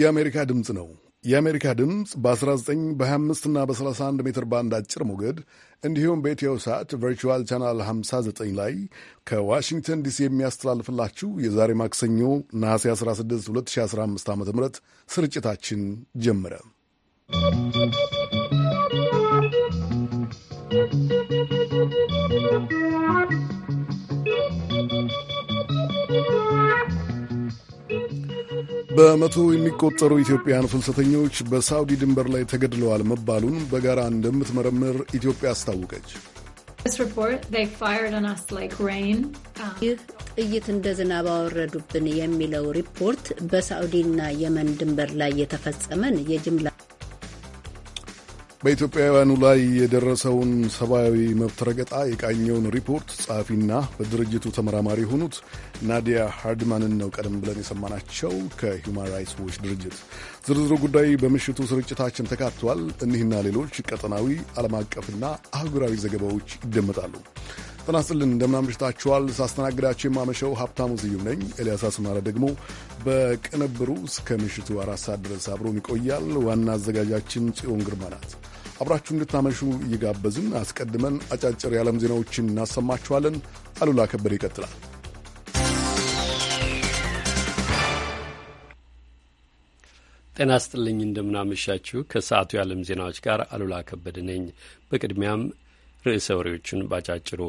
የአሜሪካ ድምፅ ነው። የአሜሪካ ድምፅ በ19 በ25 እና በ31 ሜትር ባንድ አጭር ሞገድ እንዲሁም በኢትዮ ሰዓት ቨርቹዋል ቻናል 59 ላይ ከዋሽንግተን ዲሲ የሚያስተላልፍላችሁ የዛሬ ማክሰኞ ነሐሴ 16 2015 ዓ ም ስርጭታችን ጀመረ። በመቶ የሚቆጠሩ ኢትዮጵያውያን ፍልሰተኞች በሳውዲ ድንበር ላይ ተገድለዋል መባሉን በጋራ እንደምትመረምር ኢትዮጵያ አስታወቀች። ይህ ጥይት እንደ ዝናብ አወረዱብን የሚለው ሪፖርት በሳዑዲና የመን ድንበር ላይ የተፈጸመን የጅምላ በኢትዮጵያውያኑ ላይ የደረሰውን ሰብአዊ መብት ረገጣ የቃኘውን ሪፖርት ጸሐፊና በድርጅቱ ተመራማሪ የሆኑት ናዲያ ሃርድማንን ነው ቀደም ብለን የሰማናቸው ከሁማን ራይትስ ዎች ድርጅት። ዝርዝሩ ጉዳይ በምሽቱ ስርጭታችን ተካትቷል። እኒህና ሌሎች ቀጠናዊ ዓለም አቀፍና አህጉራዊ ዘገባዎች ይደመጣሉ። ጤና ይስጥልን እንደምናምሽታችኋል። ሳስተናግዳችሁ የማመሸው ሀብታሙ ስዩም ነኝ። ኤልያስ አስማረ ደግሞ በቅንብሩ እስከ ምሽቱ አራት ሰዓት ድረስ አብሮን ይቆያል። ዋና አዘጋጃችን ጽዮን ግርማ ናት። አብራችሁ እንድታመሹ እየጋበዝን አስቀድመን አጫጭር የዓለም ዜናዎችን እናሰማችኋለን። አሉላ ከበደ ይቀጥላል። ጤና ስጥልኝ፣ እንደምናመሻችሁ። ከሰዓቱ የዓለም ዜናዎች ጋር አሉላ ከበደ ነኝ። በቅድሚያም ርዕሰ ወሬዎቹን ባጫጭሩ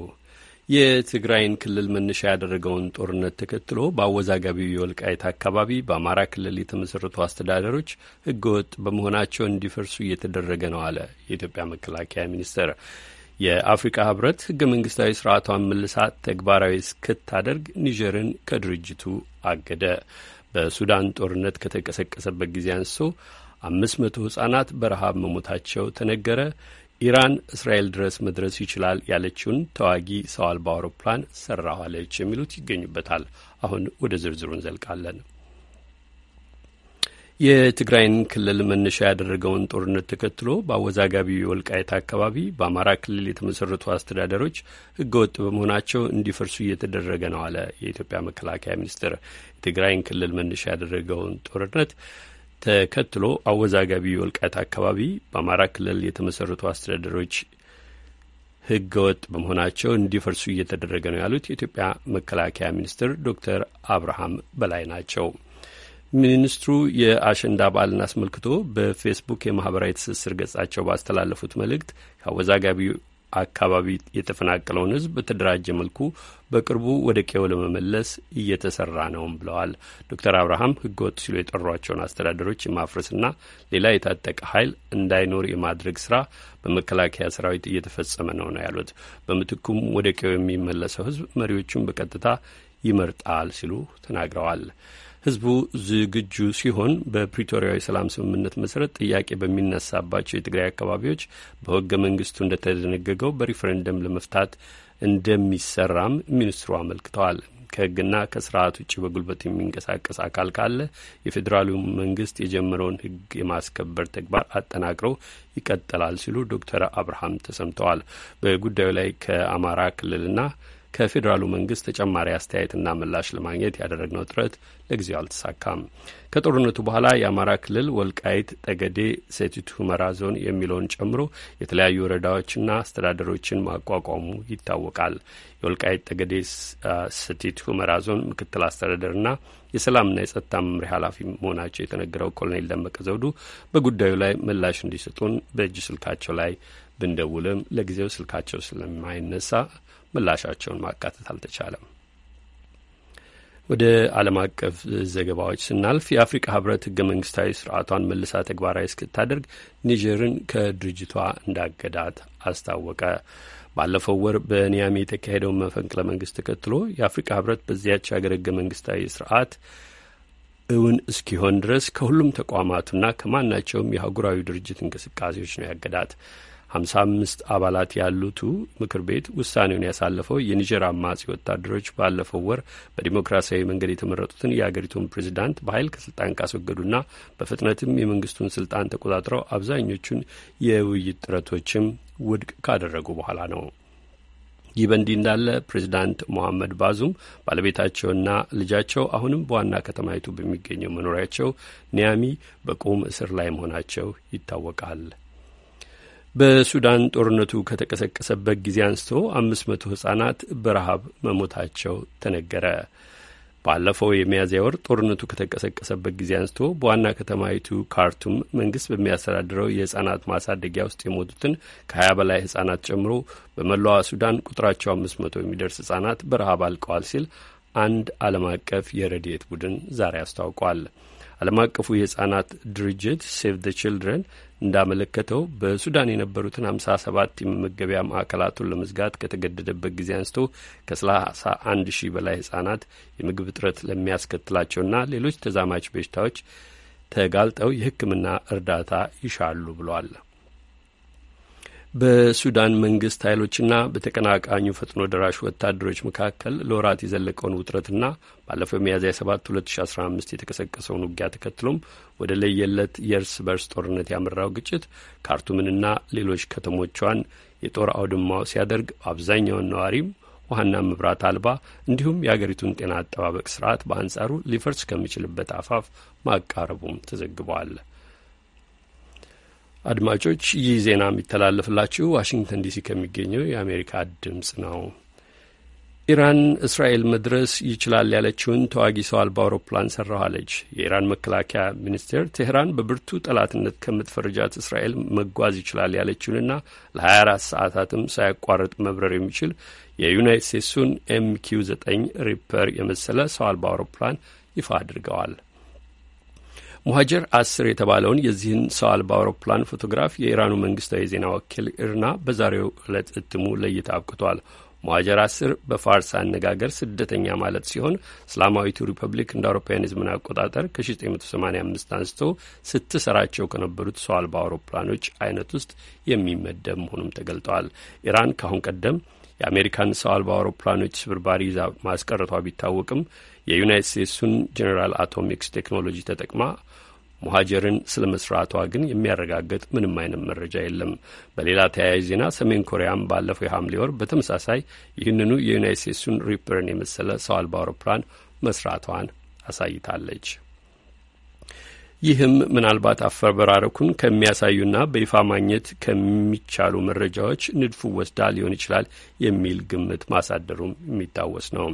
የትግራይን ክልል መነሻ ያደረገውን ጦርነት ተከትሎ በአወዛጋቢው የወልቃይት አካባቢ በአማራ ክልል የተመሰረቱ አስተዳደሮች ህገወጥ በመሆናቸው እንዲፈርሱ እየተደረገ ነው አለ የኢትዮጵያ መከላከያ ሚኒስቴር። የአፍሪካ ህብረት ህገ መንግስታዊ ስርዓቷን መልሳት ተግባራዊ እስክታደርግ ኒጀርን ከድርጅቱ አገደ። በሱዳን ጦርነት ከተቀሰቀሰበት ጊዜ አንስቶ አምስት መቶ ህጻናት በረሃብ መሞታቸው ተነገረ። ኢራን እስራኤል ድረስ መድረስ ይችላል ያለችውን ተዋጊ ሰው አልባ አውሮፕላን ሰራኋለች የሚሉት ይገኙበታል። አሁን ወደ ዝርዝሩ እንዘልቃለን። የትግራይን ክልል መነሻ ያደረገውን ጦርነት ተከትሎ በአወዛጋቢው የወልቃይት አካባቢ በአማራ ክልል የተመሰረቱ አስተዳደሮች ህገወጥ በመሆናቸው እንዲፈርሱ እየተደረገ ነው አለ የኢትዮጵያ መከላከያ ሚኒስቴር። የትግራይን ክልል መነሻ ያደረገውን ጦርነት ተከትሎ አወዛጋቢ የወልቃይት አካባቢ በአማራ ክልል የተመሰረቱ አስተዳደሮች ህገ ወጥ በመሆናቸው እንዲፈርሱ እየተደረገ ነው ያሉት የኢትዮጵያ መከላከያ ሚኒስትር ዶክተር አብርሃም በላይ ናቸው። ሚኒስትሩ የአሸንዳ በዓልን አስመልክቶ በፌስቡክ የማህበራዊ ትስስር ገጻቸው ባስተላለፉት መልእክት ከአወዛጋቢ አካባቢ የተፈናቀለውን ህዝብ በተደራጀ መልኩ በቅርቡ ወደ ቄው ለመመለስ እየተሰራ ነውም ብለዋል። ዶክተር አብርሃም ህገወጥ ሲሉ የጠሯቸውን አስተዳደሮች የማፍረስና ሌላ የታጠቀ ኃይል እንዳይኖር የማድረግ ስራ በመከላከያ ሰራዊት እየተፈጸመ ነው ነው ያሉት። በምትኩም ወደ ቄው የሚመለሰው ህዝብ መሪዎቹን በቀጥታ ይመርጣል ሲሉ ተናግረዋል። ህዝቡ ዝግጁ ሲሆን በፕሪቶሪያዊ ሰላም ስምምነት መሰረት ጥያቄ በሚነሳባቸው የትግራይ አካባቢዎች በህገ መንግስቱ እንደተደነገገው በሪፈረንደም ለመፍታት እንደሚሰራም ሚኒስትሩ አመልክተዋል። ከህግና ከስርዓት ውጭ በጉልበት የሚንቀሳቀስ አካል ካለ የፌዴራሉ መንግስት የጀመረውን ህግ የማስከበር ተግባር አጠናክረው ይቀጥላል ሲሉ ዶክተር አብርሃም ተሰምተዋል። በጉዳዩ ላይ ከአማራ ክልልና ከፌዴራሉ መንግስት ተጨማሪ አስተያየትና ምላሽ ለማግኘት ያደረግነው ጥረት ለጊዜው አልተሳካም። ከጦርነቱ በኋላ የአማራ ክልል ወልቃይት ጠገዴ፣ ሰቲት ሁመራ ዞን የሚለውን ጨምሮ የተለያዩ ወረዳዎችና አስተዳደሮችን ማቋቋሙ ይታወቃል። የወልቃይት ጠገዴ ሰቲት ሁመራ ዞን ምክትል አስተዳደርና የሰላምና የጸጥታ መምሪያ ኃላፊ መሆናቸው የተነገረው ኮሎኔል ደመቀ ዘውዱ በጉዳዩ ላይ ምላሽ እንዲሰጡን በእጅ ስልካቸው ላይ ብንደውልም ለጊዜው ስልካቸው ስለማይነሳ ምላሻቸውን ማካተት አልተቻለም። ወደ ዓለም አቀፍ ዘገባዎች ስናልፍ የአፍሪቃ ህብረት ህገ መንግስታዊ ስርዓቷን መልሳ ተግባራዊ እስክታደርግ ኒጀርን ከድርጅቷ እንዳገዳት አስታወቀ። ባለፈው ወር በኒያሜ የተካሄደውን መፈንቅለ መንግስት ተከትሎ የአፍሪቃ ህብረት በዚያች ሀገር ህገ መንግስታዊ ስርዓት እውን እስኪሆን ድረስ ከሁሉም ተቋማቱና ከማናቸውም የአህጉራዊ ድርጅት እንቅስቃሴዎች ነው ያገዳት። ሀምሳ አምስት አባላት ያሉቱ ምክር ቤት ውሳኔውን ያሳለፈው የኒጀር አማጺ ወታደሮች ባለፈው ወር በዲሞክራሲያዊ መንገድ የተመረጡትን የአገሪቱን ፕሬዚዳንት በኃይል ከስልጣን ካስወገዱና በፍጥነትም የመንግስቱን ስልጣን ተቆጣጥረው አብዛኞቹን የውይይት ጥረቶችም ውድቅ ካደረጉ በኋላ ነው። ይህ በእንዲህ እንዳለ ፕሬዚዳንት ሞሐመድ ባዙም ባለቤታቸውና ልጃቸው አሁንም በዋና ከተማይቱ በሚገኘው መኖሪያቸው ኒያሚ በቁም እስር ላይ መሆናቸው ይታወቃል። በሱዳን ጦርነቱ ከተቀሰቀሰበት ጊዜ አንስቶ አምስት መቶ ህጻናት በረሃብ መሞታቸው ተነገረ። ባለፈው የሚያዝያ ወር ጦርነቱ ከተቀሰቀሰበት ጊዜ አንስቶ በዋና ከተማይቱ ካርቱም መንግስት በሚያስተዳድረው የህጻናት ማሳደጊያ ውስጥ የሞቱትን ከሀያ በላይ ህጻናት ጨምሮ በመላዋ ሱዳን ቁጥራቸው አምስት መቶ የሚደርስ ህጻናት በረሃብ አልቀዋል ሲል አንድ ዓለም አቀፍ የረድኤት ቡድን ዛሬ አስታውቋል። ዓለም አቀፉ የሕፃናት ድርጅት ሴቭ ዘ ችልድረን እንዳመለከተው በሱዳን የነበሩትን ሰባት የመመገቢያ ማዕከላቱን ለመዝጋት ከተገደደበት ጊዜ አንስቶ ከ አንድ ሺህ በላይ ሕጻናት የምግብ እጥረት ለሚያስከትላቸውና ሌሎች ተዛማች በሽታዎች ተጋልጠው የሕክምና እርዳታ ይሻሉ ብሏል። በሱዳን መንግስት ኃይሎችና በተቀናቃኙ ፈጥኖ ደራሽ ወታደሮች መካከል ለወራት የዘለቀውን ውጥረትና ባለፈው ሚያዝያ 7 2015 የተቀሰቀሰውን ውጊያ ተከትሎም ወደ ለየለት የእርስ በርስ ጦርነት ያመራው ግጭት ካርቱምንና ሌሎች ከተሞቿን የጦር አውድማው ሲያደርግ አብዛኛውን ነዋሪም ውሃና መብራት አልባ እንዲሁም የአገሪቱን ጤና አጠባበቅ ስርዓት በአንጻሩ ሊፈርስ ከሚችልበት አፋፍ ማቃረቡም ተዘግበዋል። አድማጮች ይህ ዜና የሚተላለፍላችሁ ዋሽንግተን ዲሲ ከሚገኘው የአሜሪካ ድምፅ ነው። ኢራን እስራኤል መድረስ ይችላል ያለችውን ተዋጊ ሰው አልባ አውሮፕላን ሰራሁ የኢራን መከላከያ ሚኒስቴር ቴህራን በብርቱ ጠላትነት ከምትፈርጃት እስራኤል መጓዝ ይችላል ያለችውንና ለ24 ሰዓታትም ሳያቋርጥ መብረር የሚችል የዩናይት ስቴትሱን ኤምኪው 9 ሪፐር የመሰለ ሰው አልባ አውሮፕላን ይፋ አድርገዋል። ሙሀጀር አስር የተባለውን የዚህን ሰው አልባ አውሮፕላን ፎቶግራፍ የኢራኑ መንግስታዊ የዜና ወኪል እርና በዛሬው ዕለት እትሙ ለእይታ አብቅቷል። ሙሀጀር አስር በፋርስ አነጋገር ስደተኛ ማለት ሲሆን እስላማዊቱ ሪፐብሊክ እንደ አውሮፓውያን የዘመን አቆጣጠር ከ1985 አንስቶ ስትሰራቸው ከነበሩት ሰው አልባ አውሮፕላኖች አይነት ውስጥ የሚመደብ መሆኑም ተገልጠዋል። ኢራን ከአሁን ቀደም የአሜሪካን ሰው አልባ አውሮፕላኖች ስብርባሪ ይዛ ማስቀረቷ ቢታወቅም የዩናይት ስቴትሱን ጄኔራል አቶሚክስ ቴክኖሎጂ ተጠቅማ ሙሀጀርን ስለ መስራቷ ግን የሚያረጋግጥ ምንም አይነት መረጃ የለም። በሌላ ተያያዥ ዜና ሰሜን ኮሪያም ባለፈው የሐምሌ ወር በተመሳሳይ ይህንኑ የዩናይት ስቴትሱን ሪፐርን የመሰለ ሰው አልባ አውሮፕላን መስራቷን አሳይታለች። ይህም ምናልባት አፈበራረኩን ከሚያሳዩና በይፋ ማግኘት ከሚቻሉ መረጃዎች ንድፉ ወስዳ ሊሆን ይችላል የሚል ግምት ማሳደሩም የሚታወስ ነው።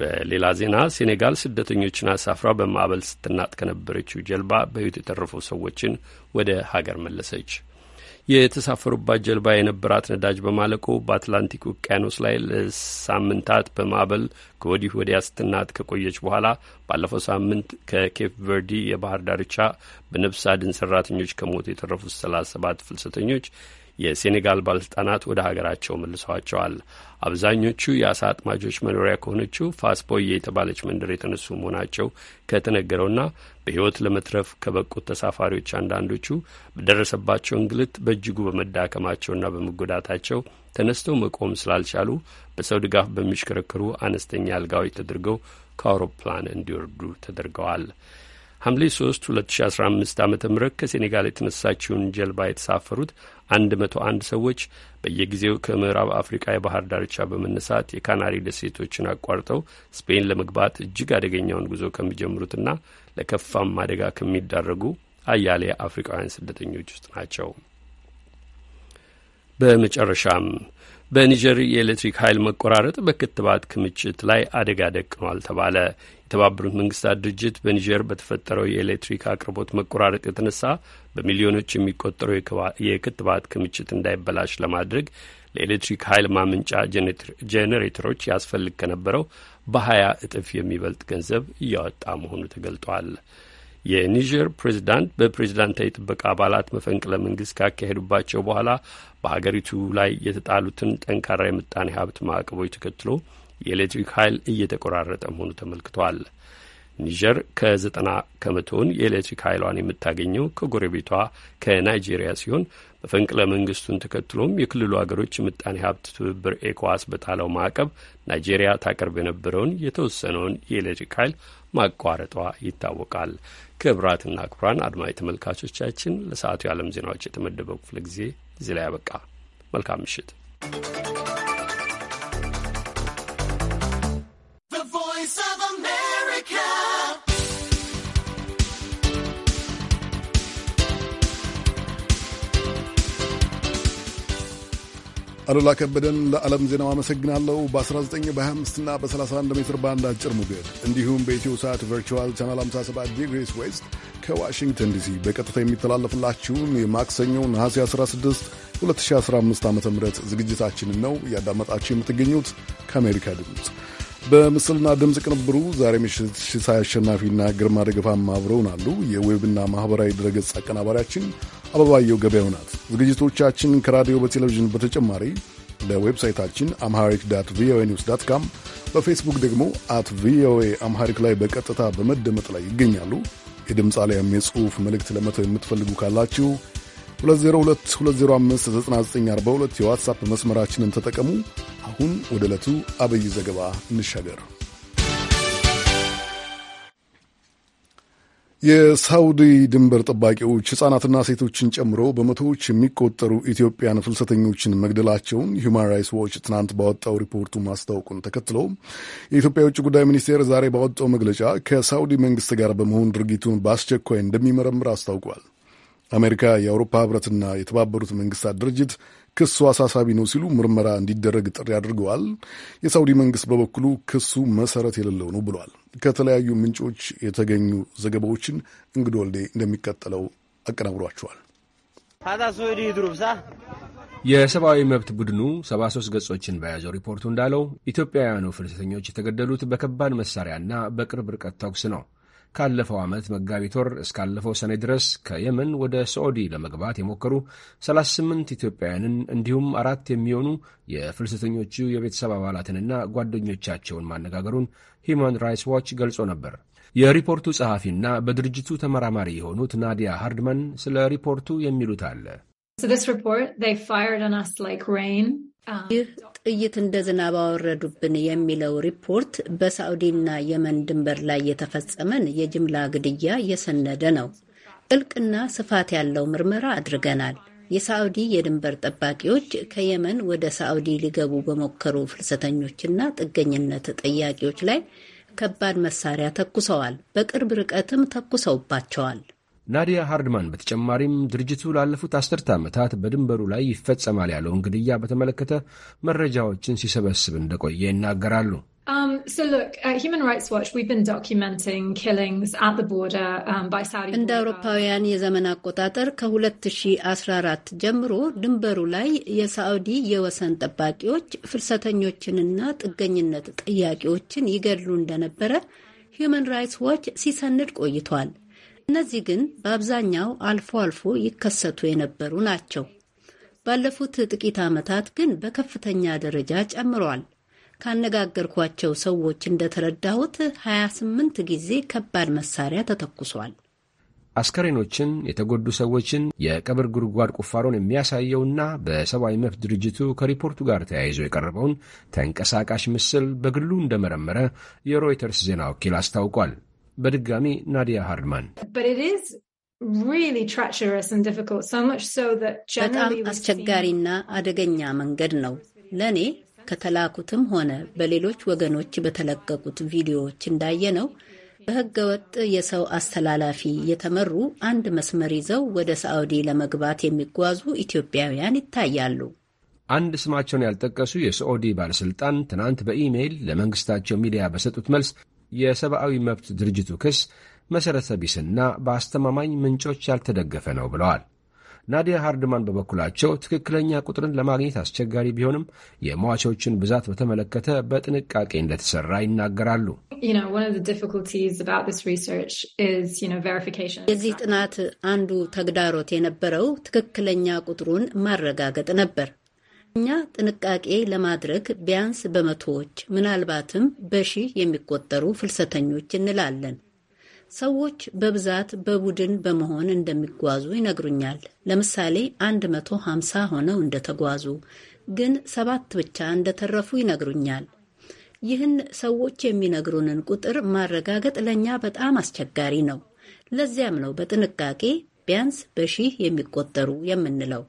በሌላ ዜና ሴኔጋል ስደተኞችን አሳፍራ በማዕበል ስትናጥ ከነበረችው ጀልባ በሕይወት የተረፉ ሰዎችን ወደ ሀገር መለሰች። የተሳፈሩባት ጀልባ የነበራት ነዳጅ በማለቁ በአትላንቲክ ውቅያኖስ ላይ ለሳምንታት በማዕበል ከወዲህ ወዲያ ስትናጥ ከቆየች በኋላ ባለፈው ሳምንት ከኬፕ ቨርዲ የባህር ዳርቻ በነፍስ አድን ሰራተኞች ከሞት የተረፉት ሰላሳ ሰባት ፍልሰተኞች የሴኔጋል ባለስልጣናት ወደ ሀገራቸው መልሰዋቸዋል። አብዛኞቹ የአሳ አጥማጆች መኖሪያ ከሆነችው ፋስፖዬ የተባለች መንደር የተነሱ መሆናቸው ከተነገረውና በሕይወት ለመትረፍ ከበቁት ተሳፋሪዎች አንዳንዶቹ በደረሰባቸው እንግልት በእጅጉ በመዳከማቸውና በመጎዳታቸው ተነስተው መቆም ስላልቻሉ በሰው ድጋፍ በሚሽከረከሩ አነስተኛ አልጋዎች ተደርገው ከአውሮፕላን እንዲወርዱ ተደርገዋል። ሐምሌ 3 2015 ዓ ም ከሴኔጋል የተነሳችውን ጀልባ የተሳፈሩት አንድ መቶ አንድ ሰዎች በየጊዜው ከምዕራብ አፍሪቃ የባህር ዳርቻ በመነሳት የካናሪ ደሴቶችን አቋርጠው ስፔን ለመግባት እጅግ አደገኛውን ጉዞ ከሚጀምሩትና ለከፋም አደጋ ከሚዳረጉ አያሌ አፍሪቃውያን ስደተኞች ውስጥ ናቸው። በመጨረሻም በኒጀር የኤሌክትሪክ ኃይል መቆራረጥ በክትባት ክምችት ላይ አደጋ ደቅኗል ተባለ። የተባበሩት መንግስታት ድርጅት በኒጀር በተፈጠረው የኤሌክትሪክ አቅርቦት መቆራረጥ የተነሳ በሚሊዮኖች የሚቆጠሩ የክትባት ክምችት እንዳይበላሽ ለማድረግ ለኤሌክትሪክ ኃይል ማመንጫ ጄኔሬተሮች ያስፈልግ ከነበረው በሀያ እጥፍ የሚበልጥ ገንዘብ እያወጣ መሆኑ ተገልጧል። የኒጀር ፕሬዚዳንት በፕሬዚዳንታዊ ጥበቃ አባላት መፈንቅለ መንግስት ካካሄዱባቸው በኋላ በሀገሪቱ ላይ የተጣሉትን ጠንካራ የምጣኔ ሀብት ማዕቀቦች ተከትሎ የኤሌክትሪክ ኃይል እየተቆራረጠ መሆኑ ተመልክቷል። ኒጀር ከዘጠና ከመቶውን የኤሌክትሪክ ኃይሏን የምታገኘው ከጎረቤቷ ከናይጄሪያ ሲሆን መፈንቅለ መንግስቱን ተከትሎም የክልሉ ሀገሮች የምጣኔ ሀብት ትብብር ኤኮዋስ በጣለው ማዕቀብ ናይጄሪያ ታቀርብ የነበረውን የተወሰነውን የኤሌክትሪክ ኃይል ማቋረጧ ይታወቃል። ክብራትና ክብራን አድማጭ ተመልካቾቻችን ለሰዓቱ የዓለም ዜናዎች የተመደበው ክፍለ ጊዜ እዚህ ላይ ያበቃ። መልካም ምሽት። Thank you. አሉላ ከበደን ለዓለም ዜናው አመሰግናለሁ። በ19 በ25ና በ31 ሜትር ባንድ አጭር ሞገድ እንዲሁም በኢትዮ ሰዓት ቨርቹዋል ቻናል 57 ዲግሪስ ዌስት ከዋሽንግተን ዲሲ በቀጥታ የሚተላለፍላችሁን የማክሰኞ ነሐሴ 16 2015 ዓ ም ዝግጅታችንን ነው እያዳመጣችሁ የምትገኙት ከአሜሪካ ድምፅ በምስልና ድምፅ ቅንብሩ ዛሬ ምሽት ሲሳይ አሸናፊና ግርማ ደገፋም አብረውን አሉ። የዌብና ማኅበራዊ ድረገጽ አቀናባሪያችን አበባየው ገበያው ናት። ዝግጅቶቻችን ከራዲዮ በቴሌቪዥን በተጨማሪ በዌብሳይታችን አምሃሪክ ዳት ቪኦኤ ኒውስ ዳት ካም፣ በፌስቡክ ደግሞ አት ቪኦኤ አምሃሪክ ላይ በቀጥታ በመደመጥ ላይ ይገኛሉ። የድምፅ አሊያም የጽሑፍ መልእክት ለመተው የምትፈልጉ ካላችሁ 2022059942 የዋትሳፕ መስመራችንን ተጠቀሙ። አሁን ወደ ዕለቱ አብይ ዘገባ እንሻገር። የሳውዲ ድንበር ጠባቂዎች ሕጻናትና ሴቶችን ጨምሮ በመቶዎች የሚቆጠሩ ኢትዮጵያን ፍልሰተኞችን መግደላቸውን ሁማን ራይትስ ዎች ትናንት ባወጣው ሪፖርቱ ማስታወቁን ተከትሎ የኢትዮጵያ የውጭ ጉዳይ ሚኒስቴር ዛሬ ባወጣው መግለጫ ከሳውዲ መንግስት ጋር በመሆን ድርጊቱን በአስቸኳይ እንደሚመረምር አስታውቋል። አሜሪካ የአውሮፓ ህብረትና የተባበሩት መንግስታት ድርጅት ክሱ አሳሳቢ ነው ሲሉ ምርመራ እንዲደረግ ጥሪ አድርገዋል። የሳውዲ መንግስት በበኩሉ ክሱ መሰረት የሌለው ነው ብሏል። ከተለያዩ ምንጮች የተገኙ ዘገባዎችን እንግዶ ወልዴ እንደሚቀጥለው አቀናብሯቸዋል። የሰብአዊ መብት ቡድኑ 73 ገጾችን በያዘው ሪፖርቱ እንዳለው ኢትዮጵያውያኑ ፍልሰተኞች የተገደሉት በከባድ መሳሪያና በቅርብ ርቀት ተኩስ ነው። ካለፈው ዓመት መጋቢት ወር እስካለፈው ሰኔ ድረስ ከየመን ወደ ሳዑዲ ለመግባት የሞከሩ 38 ኢትዮጵያውያንን እንዲሁም አራት የሚሆኑ የፍልሰተኞቹ የቤተሰብ አባላትንና ጓደኞቻቸውን ማነጋገሩን ሂዩማን ራይትስ ዋች ገልጾ ነበር። የሪፖርቱ ጸሐፊና በድርጅቱ ተመራማሪ የሆኑት ናዲያ ሃርድማን ስለ ሪፖርቱ የሚሉት አለ። ይህ ጥይት እንደ ዝናብ አወረዱብን የሚለው ሪፖርት በሳዑዲና የመን ድንበር ላይ የተፈጸመን የጅምላ ግድያ የሰነደ ነው። ጥልቅና ስፋት ያለው ምርመራ አድርገናል። የሳዑዲ የድንበር ጠባቂዎች ከየመን ወደ ሳዑዲ ሊገቡ በሞከሩ ፍልሰተኞችና ጥገኝነት ጠያቂዎች ላይ ከባድ መሳሪያ ተኩሰዋል። በቅርብ ርቀትም ተኩሰውባቸዋል። ናዲያ ሃርድማን በተጨማሪም ድርጅቱ ላለፉት አስርተ ዓመታት በድንበሩ ላይ ይፈጸማል ያለውን ግድያ በተመለከተ መረጃዎችን ሲሰበስብ እንደቆየ ይናገራሉ። um, um, እንደ አውሮፓውያን የዘመን አቆጣጠር ከ2014 ጀምሮ ድንበሩ ላይ የሳዑዲ የወሰን ጠባቂዎች ፍልሰተኞችንና ጥገኝነት ጠያቂዎችን ይገድሉ እንደነበረ ሂውማን ራይትስ ዋች ሲሰንድ ቆይቷል። እነዚህ ግን በአብዛኛው አልፎ አልፎ ይከሰቱ የነበሩ ናቸው። ባለፉት ጥቂት ዓመታት ግን በከፍተኛ ደረጃ ጨምሯል። ካነጋገርኳቸው ሰዎች እንደተረዳሁት 28 ጊዜ ከባድ መሳሪያ ተተኩሷል። አስከሬኖችን፣ የተጎዱ ሰዎችን፣ የቀብር ጉድጓድ ቁፋሮን የሚያሳየውና በሰብአዊ መብት ድርጅቱ ከሪፖርቱ ጋር ተያይዞ የቀረበውን ተንቀሳቃሽ ምስል በግሉ እንደመረመረ የሮይተርስ ዜና ወኪል አስታውቋል። በድጋሚ ናዲያ ሃርድማን በጣም አስቸጋሪና አደገኛ መንገድ ነው። ለእኔ ከተላኩትም ሆነ በሌሎች ወገኖች በተለቀቁት ቪዲዮዎች እንዳየነው በህገወጥ የሰው አስተላላፊ የተመሩ አንድ መስመር ይዘው ወደ ሳዑዲ ለመግባት የሚጓዙ ኢትዮጵያውያን ይታያሉ። አንድ ስማቸውን ያልጠቀሱ የሳዑዲ ባለሥልጣን ትናንት በኢሜይል ለመንግሥታቸው ሚዲያ በሰጡት መልስ የሰብአዊ መብት ድርጅቱ ክስ መሠረተ ቢስና በአስተማማኝ ምንጮች ያልተደገፈ ነው ብለዋል። ናዲያ ሃርድማን በበኩላቸው ትክክለኛ ቁጥርን ለማግኘት አስቸጋሪ ቢሆንም የሟቾችን ብዛት በተመለከተ በጥንቃቄ እንደተሰራ ይናገራሉ። የዚህ ጥናት አንዱ ተግዳሮት የነበረው ትክክለኛ ቁጥሩን ማረጋገጥ ነበር። እኛ ጥንቃቄ ለማድረግ ቢያንስ በመቶዎች ምናልባትም በሺህ የሚቆጠሩ ፍልሰተኞች እንላለን። ሰዎች በብዛት በቡድን በመሆን እንደሚጓዙ ይነግሩኛል። ለምሳሌ 150 ሆነው እንደተጓዙ ግን ሰባት ብቻ እንደተረፉ ይነግሩኛል። ይህን ሰዎች የሚነግሩንን ቁጥር ማረጋገጥ ለእኛ በጣም አስቸጋሪ ነው። ለዚያም ነው በጥንቃቄ ቢያንስ በሺህ የሚቆጠሩ የምንለው።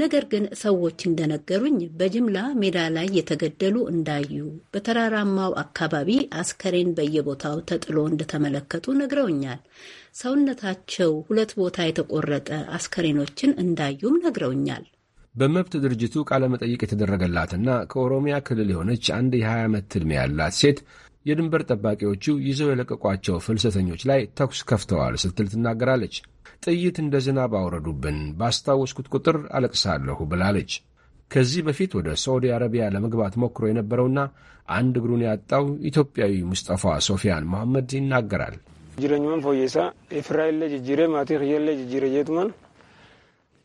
ነገር ግን ሰዎች እንደነገሩኝ በጅምላ ሜዳ ላይ የተገደሉ እንዳዩ፣ በተራራማው አካባቢ አስከሬን በየቦታው ተጥሎ እንደተመለከቱ ነግረውኛል። ሰውነታቸው ሁለት ቦታ የተቆረጠ አስከሬኖችን እንዳዩም ነግረውኛል። በመብት ድርጅቱ ቃለመጠይቅ የተደረገላትና ከኦሮሚያ ክልል የሆነች አንድ የ20 ዓመት ዕድሜ ያላት ሴት የድንበር ጠባቂዎቹ ይዘው የለቀቋቸው ፍልሰተኞች ላይ ተኩስ ከፍተዋል ስትል ትናገራለች። ጥይት እንደ ዝናብ አውረዱብን፣ ባስታወስኩት ቁጥር አለቅሳለሁ ብላለች። ከዚህ በፊት ወደ ሳዑዲ አረቢያ ለመግባት ሞክሮ የነበረውና አንድ እግሩን ያጣው ኢትዮጵያዊ ሙስጠፋ ሶፊያን መሐመድ ይናገራል። ጅረኝመን ፎየሳ ኤፍራይለ ጅሬ ማቴ የለ ጅሬ ጀትመን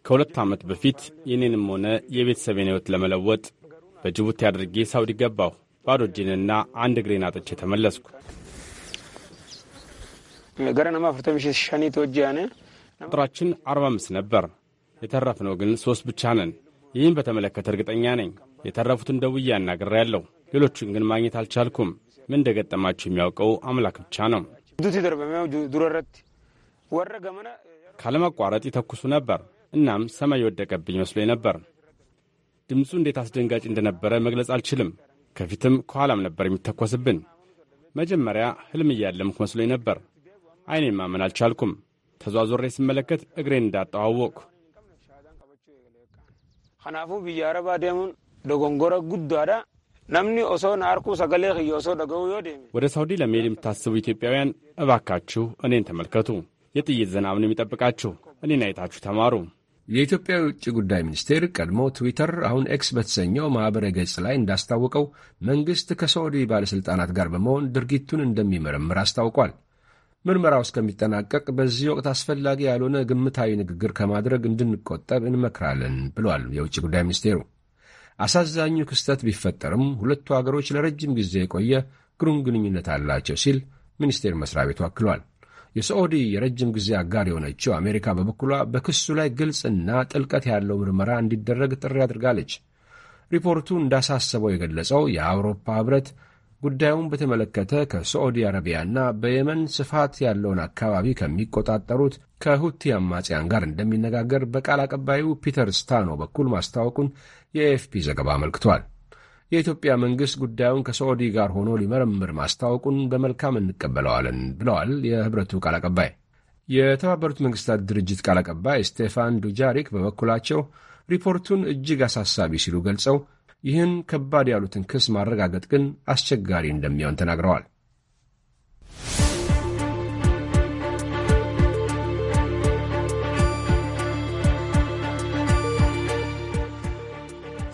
ከሁለት ዓመት በፊት የኔንም ሆነ የቤተሰቤን ሕይወት ለመለወጥ በጅቡቲ አድርጌ ሳውዲ ገባሁ። ባዶ እጄንና አንድ እግሬን አጥቼ ተመለስኩ። ቁጥራችን 45 ነበር። የተረፍነው ግን ሶስት ብቻ ነን። ይህም በተመለከተ እርግጠኛ ነኝ። የተረፉትን ደውዬ አናግሬያለሁ። ሌሎቹን ግን ማግኘት አልቻልኩም። ምን እንደገጠማቸው የሚያውቀው አምላክ ብቻ ነው። ካለማቋረጥ ይተኩሱ ነበር። እናም ሰማይ የወደቀብኝ መስሎኝ ነበር። ድምፁ እንዴት አስደንጋጭ እንደነበረ መግለጽ አልችልም። ከፊትም ከኋላም ነበር የሚተኮስብን። መጀመሪያ ህልም እያለምኩ መስሎኝ ነበር። አይኔ ማመን አልቻልኩም። ተዟዙሬ ስመለከት እግሬን እንዳጠዋወቅኩ ከናፉ ብያረባ ደሙን ደጎንጎረ ጉዳዳ ነምኒ ኦሶ አርኩ ሰገሌ ክዮ ኦሶ ደገው ዮ ወደ ሳውዲ ለመሄድ የምታስቡ ኢትዮጵያውያን እባካችሁ እኔን ተመልከቱ። የጥይት ዝናብ ነው የሚጠብቃችሁ። እኔን አይታችሁ ተማሩ። የኢትዮጵያ የውጭ ጉዳይ ሚኒስቴር ቀድሞ ትዊተር አሁን ኤክስ በተሰኘው ማኅበረ ገጽ ላይ እንዳስታወቀው መንግሥት ከሳዑዲ ባለሥልጣናት ጋር በመሆን ድርጊቱን እንደሚመረምር አስታውቋል። ምርመራው እስከሚጠናቀቅ በዚህ ወቅት አስፈላጊ ያልሆነ ግምታዊ ንግግር ከማድረግ እንድንቆጠብ እንመክራለን ብሏል የውጭ ጉዳይ ሚኒስቴሩ። አሳዛኙ ክስተት ቢፈጠርም ሁለቱ አገሮች ለረጅም ጊዜ የቆየ ግሩም ግንኙነት አላቸው ሲል ሚኒስቴር መስሪያ ቤቱ አክሏል። የሳዑዲ የረጅም ጊዜ አጋር የሆነችው አሜሪካ በበኩሏ በክሱ ላይ ግልጽና ጥልቀት ያለው ምርመራ እንዲደረግ ጥሪ አድርጋለች። ሪፖርቱ እንዳሳሰበው የገለጸው የአውሮፓ ህብረት ጉዳዩን በተመለከተ ከሳዑዲ አረቢያና በየመን ስፋት ያለውን አካባቢ ከሚቆጣጠሩት ከሁቲ አማጽያን ጋር እንደሚነጋገር በቃል አቀባዩ ፒተር ስታኖ በኩል ማስታወቁን የኤፍፒ ዘገባ አመልክቷል። የኢትዮጵያ መንግሥት ጉዳዩን ከሳዑዲ ጋር ሆኖ ሊመረምር ማስታወቁን በመልካም እንቀበለዋለን ብለዋል የኅብረቱ ቃል አቀባይ። የተባበሩት መንግሥታት ድርጅት ቃል አቀባይ ስቴፋን ዱጃሪክ በበኩላቸው ሪፖርቱን እጅግ አሳሳቢ ሲሉ ገልጸው ይህን ከባድ ያሉትን ክስ ማረጋገጥ ግን አስቸጋሪ እንደሚሆን ተናግረዋል።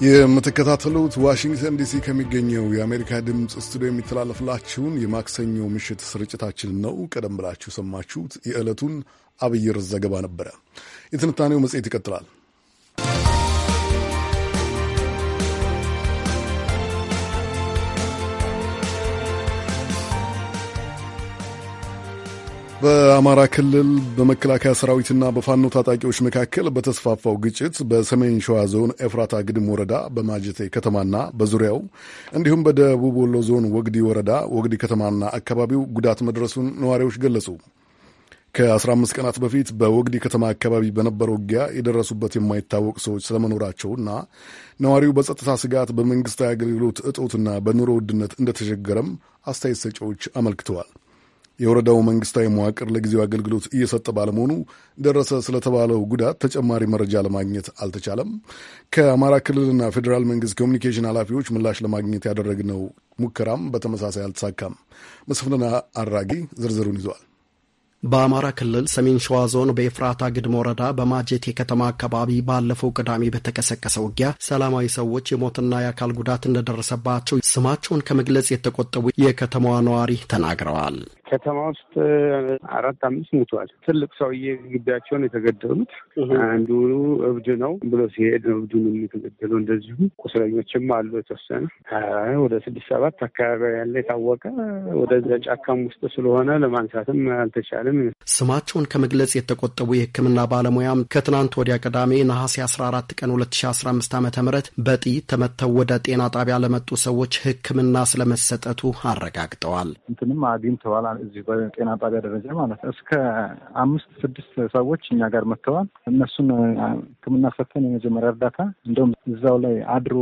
የምትከታተሉት ዋሽንግተን ዲሲ ከሚገኘው የአሜሪካ ድምፅ ስቱዲዮ የሚተላለፍላችሁን የማክሰኞ ምሽት ስርጭታችን ነው። ቀደም ብላችሁ ሰማችሁት የዕለቱን አብይር ዘገባ ነበረ። የትንታኔው መጽሔት ይቀጥላል። በአማራ ክልል በመከላከያ ሰራዊትና በፋኖ ታጣቂዎች መካከል በተስፋፋው ግጭት በሰሜን ሸዋ ዞን ኤፍራታ ግድም ወረዳ በማጀቴ ከተማና በዙሪያው እንዲሁም በደቡብ ወሎ ዞን ወግዲ ወረዳ ወግዲ ከተማና አካባቢው ጉዳት መድረሱን ነዋሪዎች ገለጹ። ከ15 ቀናት በፊት በወግዲ ከተማ አካባቢ በነበረው ውጊያ የደረሱበት የማይታወቅ ሰዎች ስለመኖራቸውና ነዋሪው በጸጥታ ስጋት በመንግሥታዊ አገልግሎት እጦትና በኑሮ ውድነት እንደተቸገረም አስተያየት ሰጪዎች አመልክተዋል። የወረዳው መንግስታዊ መዋቅር ለጊዜው አገልግሎት እየሰጠ ባለመሆኑ ደረሰ ስለተባለው ጉዳት ተጨማሪ መረጃ ለማግኘት አልተቻለም። ከአማራ ክልልና ፌዴራል መንግስት ኮሚኒኬሽን ኃላፊዎች ምላሽ ለማግኘት ያደረግነው ሙከራም በተመሳሳይ አልተሳካም። መስፍንና አራጌ ዝርዝሩን ይዘዋል። በአማራ ክልል ሰሜን ሸዋ ዞን በኤፍራታ ግድም ወረዳ በማጀቴ ከተማ አካባቢ ባለፈው ቅዳሜ በተቀሰቀሰ ውጊያ ሰላማዊ ሰዎች የሞትና የአካል ጉዳት እንደደረሰባቸው ስማቸውን ከመግለጽ የተቆጠቡ የከተማዋ ነዋሪ ተናግረዋል። ከተማ ውስጥ አራት አምስት ሙተዋል። ትልቅ ሰውዬ ግቢያቸውን የተገደሉት አንዱ እብድ ነው ብሎ ሲሄድ ነው እብዱ የተገደሉ። እንደዚሁ ቁስለኞችም አሉ የተወሰነ ወደ ስድስት ሰባት አካባቢ ያለ የታወቀ ወደዚያ ጫካም ውስጥ ስለሆነ ለማንሳትም አልተቻለም። ስማቸውን ከመግለጽ የተቆጠቡ የሕክምና ባለሙያም ከትናንት ወዲያ ቅዳሜ ነሐሴ 14 ቀን 2015 ዓ ም በጥይት ተመተው ወደ ጤና ጣቢያ ለመጡ ሰዎች ሕክምና ስለመሰጠቱ አረጋግጠዋል። እንትንም አግኝተዋል እዚህ በጤና ጣቢያ ደረጃ ማለት ነው። እስከ አምስት ስድስት ሰዎች እኛ ጋር መጥተዋል። እነሱን ሕክምና ሰተን የመጀመሪያ እርዳታ እንደውም እዛው ላይ አድሮ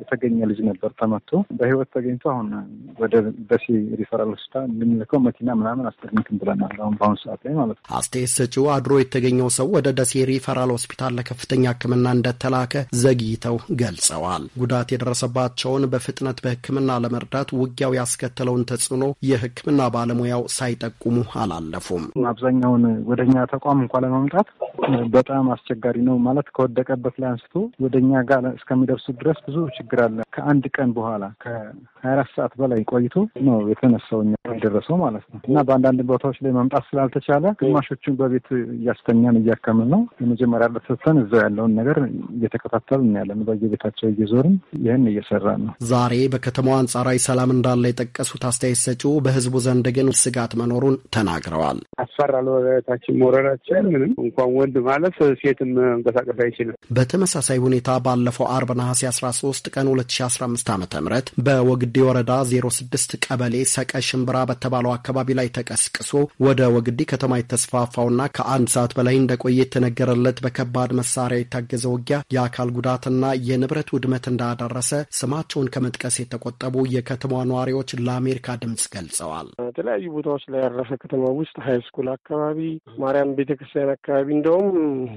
የተገኘ ልጅ ነበር ተመቶ በህይወት ተገኝቶ አሁን ወደ ደሴ ሪፈራል ሆስፒታል የምንልከው መኪና ምናምን አስጠኝክም ብለናል። አሁን በአሁኑ ሰዓት ላይ ማለት ነው። አስተያየት ሰጪው አድሮ የተገኘው ሰው ወደ ደሴ ሪፈራል ሆስፒታል ለከፍተኛ ሕክምና እንደተላከ ዘግይተው ገልጸዋል። ጉዳት የደረሰባቸውን በፍጥነት በሕክምና ለመርዳት ውጊያው ያስከተለውን ተጽዕኖ የሕክምና ባለሙያ ባለሙያው ሳይጠቁሙ አላለፉም። አብዛኛውን ወደ እኛ ተቋም እንኳ ለመምጣት በጣም አስቸጋሪ ነው ማለት ከወደቀበት ላይ አንስቶ ወደ እኛ ጋር እስከሚደርሱ ድረስ ብዙ ችግር አለ። ከአንድ ቀን በኋላ ከሀያ አራት ሰዓት በላይ ቆይቶ ነው የተነሳው የደረሰው ማለት ነው እና በአንዳንድ ቦታዎች ላይ መምጣት ስላልተቻለ ግማሾቹን በቤት እያስተኛን እያከምን ነው። የመጀመሪያ ለተሰተን እዛው ያለውን ነገር እየተከታተል እናያለን። በየቤታቸው እየዞርን ይህን እየሰራ ነው። ዛሬ በከተማዋ አንጻራዊ ሰላም እንዳለ የጠቀሱት አስተያየት ሰጪው በህዝቡ ዘንድ ግን የሚሉት ስጋት መኖሩን ተናግረዋል። አስፈራል ወረታችን መውረዳችን ምንም እንኳን ወንድ ማለት ሴትም መንቀሳቀስ አይችልም። በተመሳሳይ ሁኔታ ባለፈው አርብ ነሐሴ 13 ቀን 2015 ዓ ም በወግዴ ወረዳ 06 ቀበሌ ሰቀ ሽምብራ በተባለው አካባቢ ላይ ተቀስቅሶ ወደ ወግዴ ከተማ የተስፋፋውና ከአንድ ሰዓት በላይ እንደቆየ የተነገረለት በከባድ መሳሪያ የታገዘ ውጊያ የአካል ጉዳትና የንብረት ውድመት እንዳደረሰ ስማቸውን ከመጥቀስ የተቆጠቡ የከተማ ነዋሪዎች ለአሜሪካ ድምጽ ገልጸዋል። የተለያዩ ቦታዎች ላይ ያረፈ ከተማ ውስጥ ሀይ ስኩል አካባቢ፣ ማርያም ቤተክርስቲያን አካባቢ እንደውም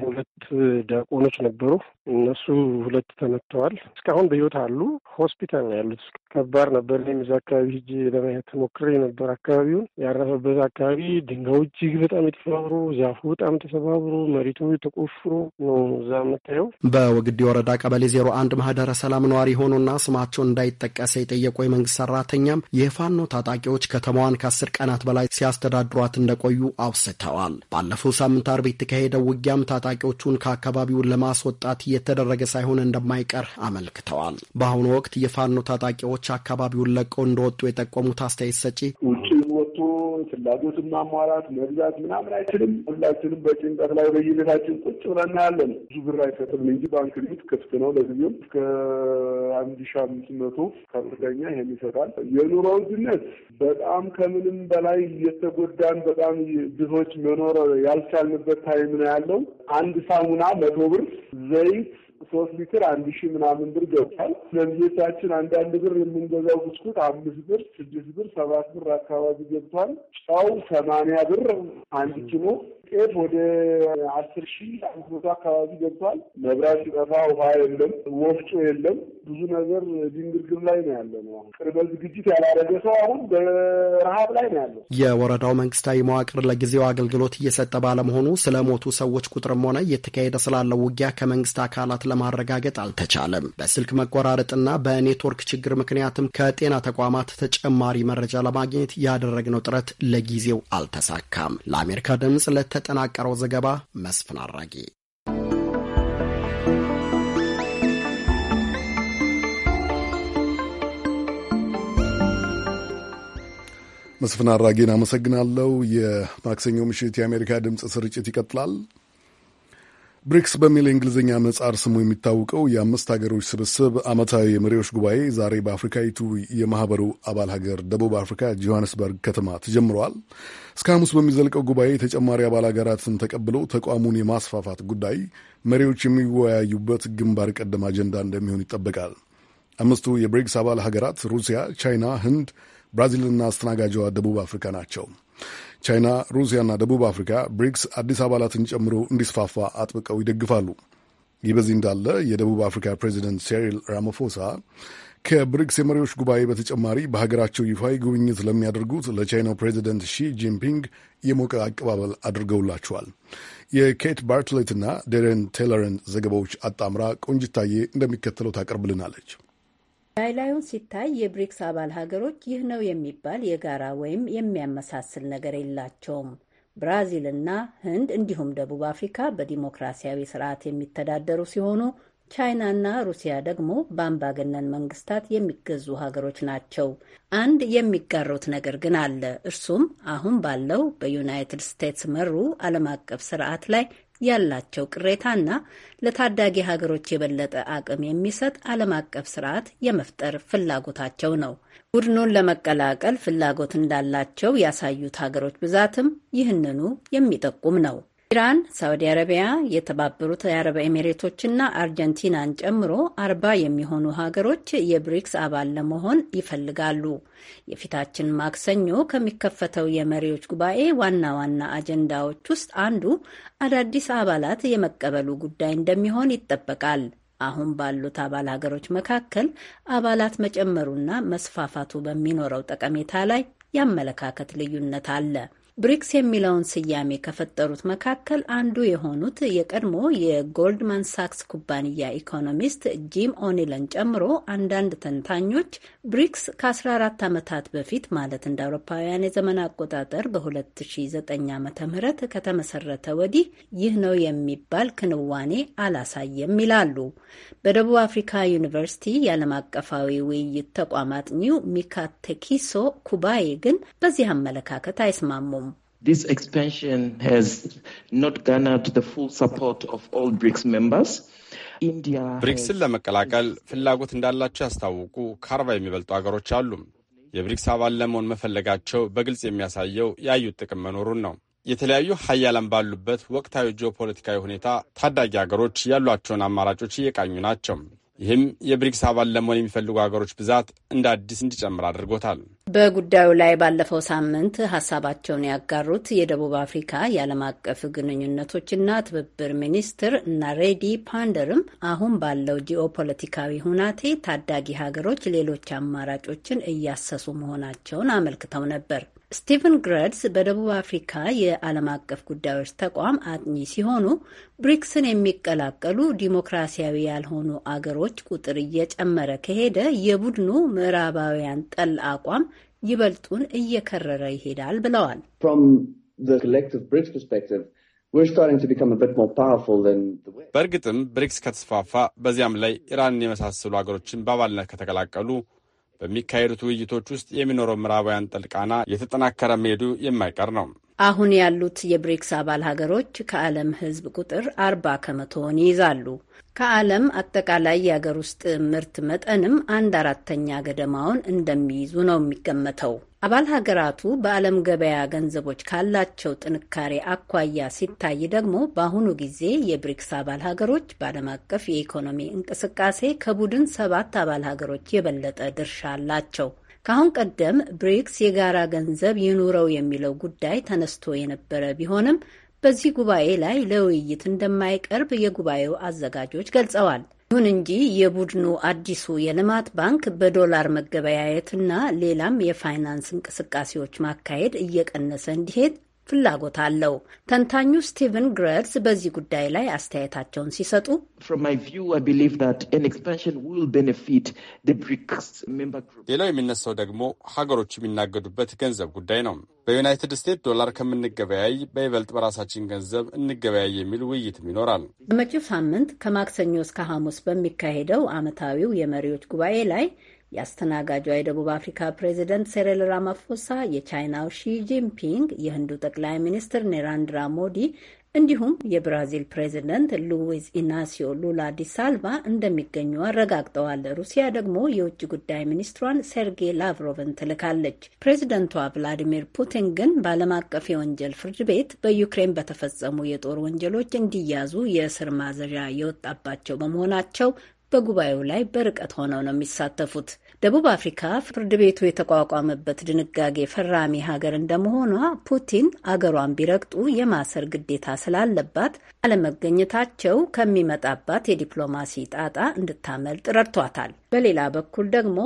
ሁለት ዲያቆኖች ነበሩ። እነሱ ሁለት ተመትተዋል። እስካሁን በህይወት አሉ። ሆስፒታል ነው ያሉት። ከባድ ነበር። እኔም እዛ አካባቢ ሂጅ ለማየት ሞክሬ ነበር። አካባቢውን ያረፈበት አካባቢ ድንጋዩ እጅግ በጣም የተሰባብሮ፣ ዛፉ በጣም ተሰባብሮ፣ መሬቱ ተቆፍሮ ነው እዛ የምታየው። በወግዲ ወረዳ ቀበሌ ዜሮ አንድ ማህደረ ሰላም ነዋሪ የሆኑና ስማቸው እንዳይጠቀሰ የጠየቁ የመንግስት ሰራተኛም የፋኖ ታጣቂዎች ከተማዋን ከአስር ቀናት በላይ ሲያስተዳድሯት እንደቆዩ አውስተዋል። ባለፈው ሳምንት አርብ የተካሄደው ውጊያም ታጣቂዎቹን ከአካባቢው ለማስወጣት የተደረገ ሳይሆን እንደማይቀር አመልክተዋል። በአሁኑ ወቅት የፋኖ ታጣቂዎች አካባቢውን ለቀው እንደወጡ የጠቆሙት አስተያየት ሰጪ ውጭ ፍላጎትን ማሟላት መግዛት ምናምን አይችልም። ሁላችንም በጭንቀት ላይ በየቤታችን ቁጭ ብለን ያለን ብዙ ብር አይፈጥም እንጂ ባንክ ቤት ክፍት ነው። ለጊዜው እስከ አንድ ሺ አምስት መቶ ከፍተኛ ይሄን ይሰጣል። የኑሮ ውድነት በጣም ከምንም በላይ እየተጎዳን በጣም ድሆች መኖር ያልቻልንበት ታይም ነው ያለው። አንድ ሳሙና መቶ ብር They. ሶስት ሊትር አንድ ሺህ ምናምን ብር ገብቷል። ለልጆቻችን አንዳንድ ብር የምንገዛው ብስኩት አምስት ብር፣ ስድስት ብር፣ ሰባት ብር አካባቢ ገብቷል። ጨው ሰማንያ ብር አንድ ኪሎ፣ ጤፍ ወደ አስር ሺህ አንድ መቶ አካባቢ ገብቷል። መብራት ሲጠፋ ውሃ የለም፣ ወፍጮ የለም። ብዙ ነገር ድንግርግር ላይ ነው ያለ ነው። አሁን ቅድመ ዝግጅት ያላደረገ ሰው አሁን በረሃብ ላይ ነው ያለው። የወረዳው መንግስታዊ መዋቅር ለጊዜው አገልግሎት እየሰጠ ባለመሆኑ ስለሞቱ ሰዎች ቁጥርም ሆነ እየተካሄደ ስላለው ውጊያ ከመንግስት አካላት ለማረጋገጥ አልተቻለም። በስልክ መቆራረጥና በኔትወርክ ችግር ምክንያትም ከጤና ተቋማት ተጨማሪ መረጃ ለማግኘት ያደረግነው ጥረት ለጊዜው አልተሳካም። ለአሜሪካ ድምፅ ለተጠናቀረው ዘገባ መስፍን አራጌ። መስፍን አራጌን አመሰግናለሁ። የማክሰኞ ምሽት የአሜሪካ ድምፅ ስርጭት ይቀጥላል። ብሪክስ በሚል የእንግሊዝኛ ምህጻር ስሙ የሚታወቀው የአምስት ሀገሮች ስብስብ ዓመታዊ የመሪዎች ጉባኤ ዛሬ በአፍሪካዊቱ የማህበሩ አባል ሀገር ደቡብ አፍሪካ ጆሃንስበርግ ከተማ ተጀምረዋል። እስከ ሐሙስ በሚዘልቀው ጉባኤ ተጨማሪ አባል ሀገራትን ተቀብሎ ተቋሙን የማስፋፋት ጉዳይ መሪዎች የሚወያዩበት ግንባር ቀደም አጀንዳ እንደሚሆን ይጠበቃል። አምስቱ የብሪክስ አባል ሀገራት ሩሲያ፣ ቻይና፣ ህንድ፣ ብራዚልና አስተናጋጇ ደቡብ አፍሪካ ናቸው። ቻይና፣ ሩሲያና ደቡብ አፍሪካ ብሪክስ አዲስ አባላትን ጨምሮ እንዲስፋፋ አጥብቀው ይደግፋሉ። ይህ በዚህ እንዳለ የደቡብ አፍሪካ ፕሬዚደንት ሴሪል ራማፎሳ ከብሪክስ የመሪዎች ጉባኤ በተጨማሪ በሀገራቸው ይፋዊ ጉብኝት ለሚያደርጉት ለቻይናው ፕሬዚደንት ሺ ጂንፒንግ የሞቀ አቀባበል አድርገውላቸዋል። የኬት ባርትሌትና ደረን ቴለርን ዘገባዎች አጣምራ ቆንጅታዬ እንደሚከተለው ታቀርብልናለች። ላይላዩን ሲታይ የብሪክስ አባል ሀገሮች ይህ ነው የሚባል የጋራ ወይም የሚያመሳስል ነገር የላቸውም። ብራዚልና ህንድ እንዲሁም ደቡብ አፍሪካ በዲሞክራሲያዊ ስርዓት የሚተዳደሩ ሲሆኑ ቻይናና ሩሲያ ደግሞ በአምባገነን መንግስታት የሚገዙ ሀገሮች ናቸው። አንድ የሚጋሩት ነገር ግን አለ። እርሱም አሁን ባለው በዩናይትድ ስቴትስ መሩ ዓለም አቀፍ ስርዓት ላይ ያላቸው ቅሬታና ለታዳጊ ሀገሮች የበለጠ አቅም የሚሰጥ ዓለም አቀፍ ስርዓት የመፍጠር ፍላጎታቸው ነው። ቡድኑን ለመቀላቀል ፍላጎት እንዳላቸው ያሳዩት ሀገሮች ብዛትም ይህንኑ የሚጠቁም ነው። ኢራን፣ ሳዑዲ አረቢያ፣ የተባበሩት አረብ ኤሚሬቶችና አርጀንቲናን ጨምሮ አርባ የሚሆኑ ሀገሮች የብሪክስ አባል ለመሆን ይፈልጋሉ። የፊታችን ማክሰኞ ከሚከፈተው የመሪዎች ጉባኤ ዋና ዋና አጀንዳዎች ውስጥ አንዱ አዳዲስ አባላት የመቀበሉ ጉዳይ እንደሚሆን ይጠበቃል። አሁን ባሉት አባል ሀገሮች መካከል አባላት መጨመሩና መስፋፋቱ በሚኖረው ጠቀሜታ ላይ የአመለካከት ልዩነት አለ። ብሪክስ የሚለውን ስያሜ ከፈጠሩት መካከል አንዱ የሆኑት የቀድሞ የጎልድማን ሳክስ ኩባንያ ኢኮኖሚስት ጂም ኦኒለን ጨምሮ አንዳንድ ተንታኞች ብሪክስ ከ14 ዓመታት በፊት ማለት እንደ አውሮፓውያን የዘመን አቆጣጠር በ2009 ዓ.ም ከተመሰረተ ወዲህ ይህ ነው የሚባል ክንዋኔ አላሳየም ይላሉ። በደቡብ አፍሪካ ዩኒቨርሲቲ የዓለም አቀፋዊ ውይይት ተቋም አጥኚው ሚካ ኩባዬ ግን በዚህ አመለካከት አይስማሙም። this expansion has not garnered the full support of all BRICS members. ብሪክስን ለመቀላቀል ፍላጎት እንዳላቸው ያስታወቁ ከአርባ የሚበልጡ ሀገሮች አሉ። የብሪክስ አባል ለመሆን መፈለጋቸው በግልጽ የሚያሳየው ያዩት ጥቅም መኖሩን ነው። የተለያዩ ሀያላን ባሉበት ወቅታዊ ጂኦፖለቲካዊ ሁኔታ ታዳጊ ሀገሮች ያሏቸውን አማራጮች እየቃኙ ናቸው። ይህም የብሪክስ አባል ለመሆን የሚፈልጉ ሀገሮች ብዛት እንደ አዲስ እንዲጨምር አድርጎታል። በጉዳዩ ላይ ባለፈው ሳምንት ሀሳባቸውን ያጋሩት የደቡብ አፍሪካ የዓለም አቀፍ ግንኙነቶችና ትብብር ሚኒስትር ናሬዲ ፓንደርም አሁን ባለው ጂኦፖለቲካዊ ሁናቴ ታዳጊ ሀገሮች ሌሎች አማራጮችን እያሰሱ መሆናቸውን አመልክተው ነበር። ስቲቨን ግረድስ በደቡብ አፍሪካ የዓለም አቀፍ ጉዳዮች ተቋም አጥኚ ሲሆኑ ብሪክስን የሚቀላቀሉ ዲሞክራሲያዊ ያልሆኑ አገሮች ቁጥር እየጨመረ ከሄደ የቡድኑ ምዕራባውያን ጠል አቋም ይበልጡን እየከረረ ይሄዳል ብለዋል። በእርግጥም ብሪክስ ከተስፋፋ በዚያም ላይ ኢራንን የመሳሰሉ አገሮችን በአባልነት ከተቀላቀሉ በሚካሄዱት ውይይቶች ውስጥ የሚኖረው ምዕራባውያን ጥልቃና የተጠናከረ መሄዱ የማይቀር ነው። አሁን ያሉት የብሪክስ አባል ሀገሮች ከዓለም ሕዝብ ቁጥር አርባ ከመቶውን ይይዛሉ። ከዓለም አጠቃላይ የአገር ውስጥ ምርት መጠንም አንድ አራተኛ ገደማውን እንደሚይዙ ነው የሚገመተው። አባል ሀገራቱ በዓለም ገበያ ገንዘቦች ካላቸው ጥንካሬ አኳያ ሲታይ ደግሞ በአሁኑ ጊዜ የብሪክስ አባል ሀገሮች በዓለም አቀፍ የኢኮኖሚ እንቅስቃሴ ከቡድን ሰባት አባል ሀገሮች የበለጠ ድርሻ አላቸው። ከአሁን ቀደም ብሪክስ የጋራ ገንዘብ ይኑረው የሚለው ጉዳይ ተነስቶ የነበረ ቢሆንም በዚህ ጉባኤ ላይ ለውይይት እንደማይቀርብ የጉባኤው አዘጋጆች ገልጸዋል። ይሁን እንጂ የቡድኑ አዲሱ የልማት ባንክ በዶላር መገበያየትና ሌላም የፋይናንስ እንቅስቃሴዎች ማካሄድ እየቀነሰ እንዲሄድ ፍላጎት አለው። ተንታኙ ስቲቨን ግረድስ በዚህ ጉዳይ ላይ አስተያየታቸውን ሲሰጡ ሌላው የሚነሳው ደግሞ ሀገሮች የሚናገዱበት ገንዘብ ጉዳይ ነው። በዩናይትድ ስቴትስ ዶላር ከምንገበያይ በይበልጥ በራሳችን ገንዘብ እንገበያይ የሚል ውይይትም ይኖራል። በመጪው ሳምንት ከማክሰኞ እስከ ሐሙስ በሚካሄደው ዓመታዊው የመሪዎች ጉባኤ ላይ የአስተናጋጇ የደቡብ አፍሪካ ፕሬዚደንት ሴሬል ራማፎሳ፣ የቻይናው ሺ ጂንፒንግ፣ የህንዱ ጠቅላይ ሚኒስትር ኔራንድራ ሞዲ እንዲሁም የብራዚል ፕሬዚደንት ሉዊዝ ኢናሲዮ ሉላ ዲሳልቫ እንደሚገኙ አረጋግጠዋል። ሩሲያ ደግሞ የውጭ ጉዳይ ሚኒስትሯን ሴርጌይ ላቭሮቭን ትልካለች። ፕሬዚደንቷ ቭላዲሚር ፑቲን ግን በዓለም አቀፍ የወንጀል ፍርድ ቤት በዩክሬን በተፈጸሙ የጦር ወንጀሎች እንዲያዙ የእስር ማዘዣ የወጣባቸው በመሆናቸው በጉባኤው ላይ በርቀት ሆነው ነው የሚሳተፉት። ደቡብ አፍሪካ ፍርድ ቤቱ የተቋቋመበት ድንጋጌ ፈራሚ ሀገር እንደመሆኗ ፑቲን አገሯን ቢረግጡ የማሰር ግዴታ ስላለባት አለመገኘታቸው ከሚመጣባት የዲፕሎማሲ ጣጣ እንድታመልጥ ረድቷታል። በሌላ በኩል ደግሞ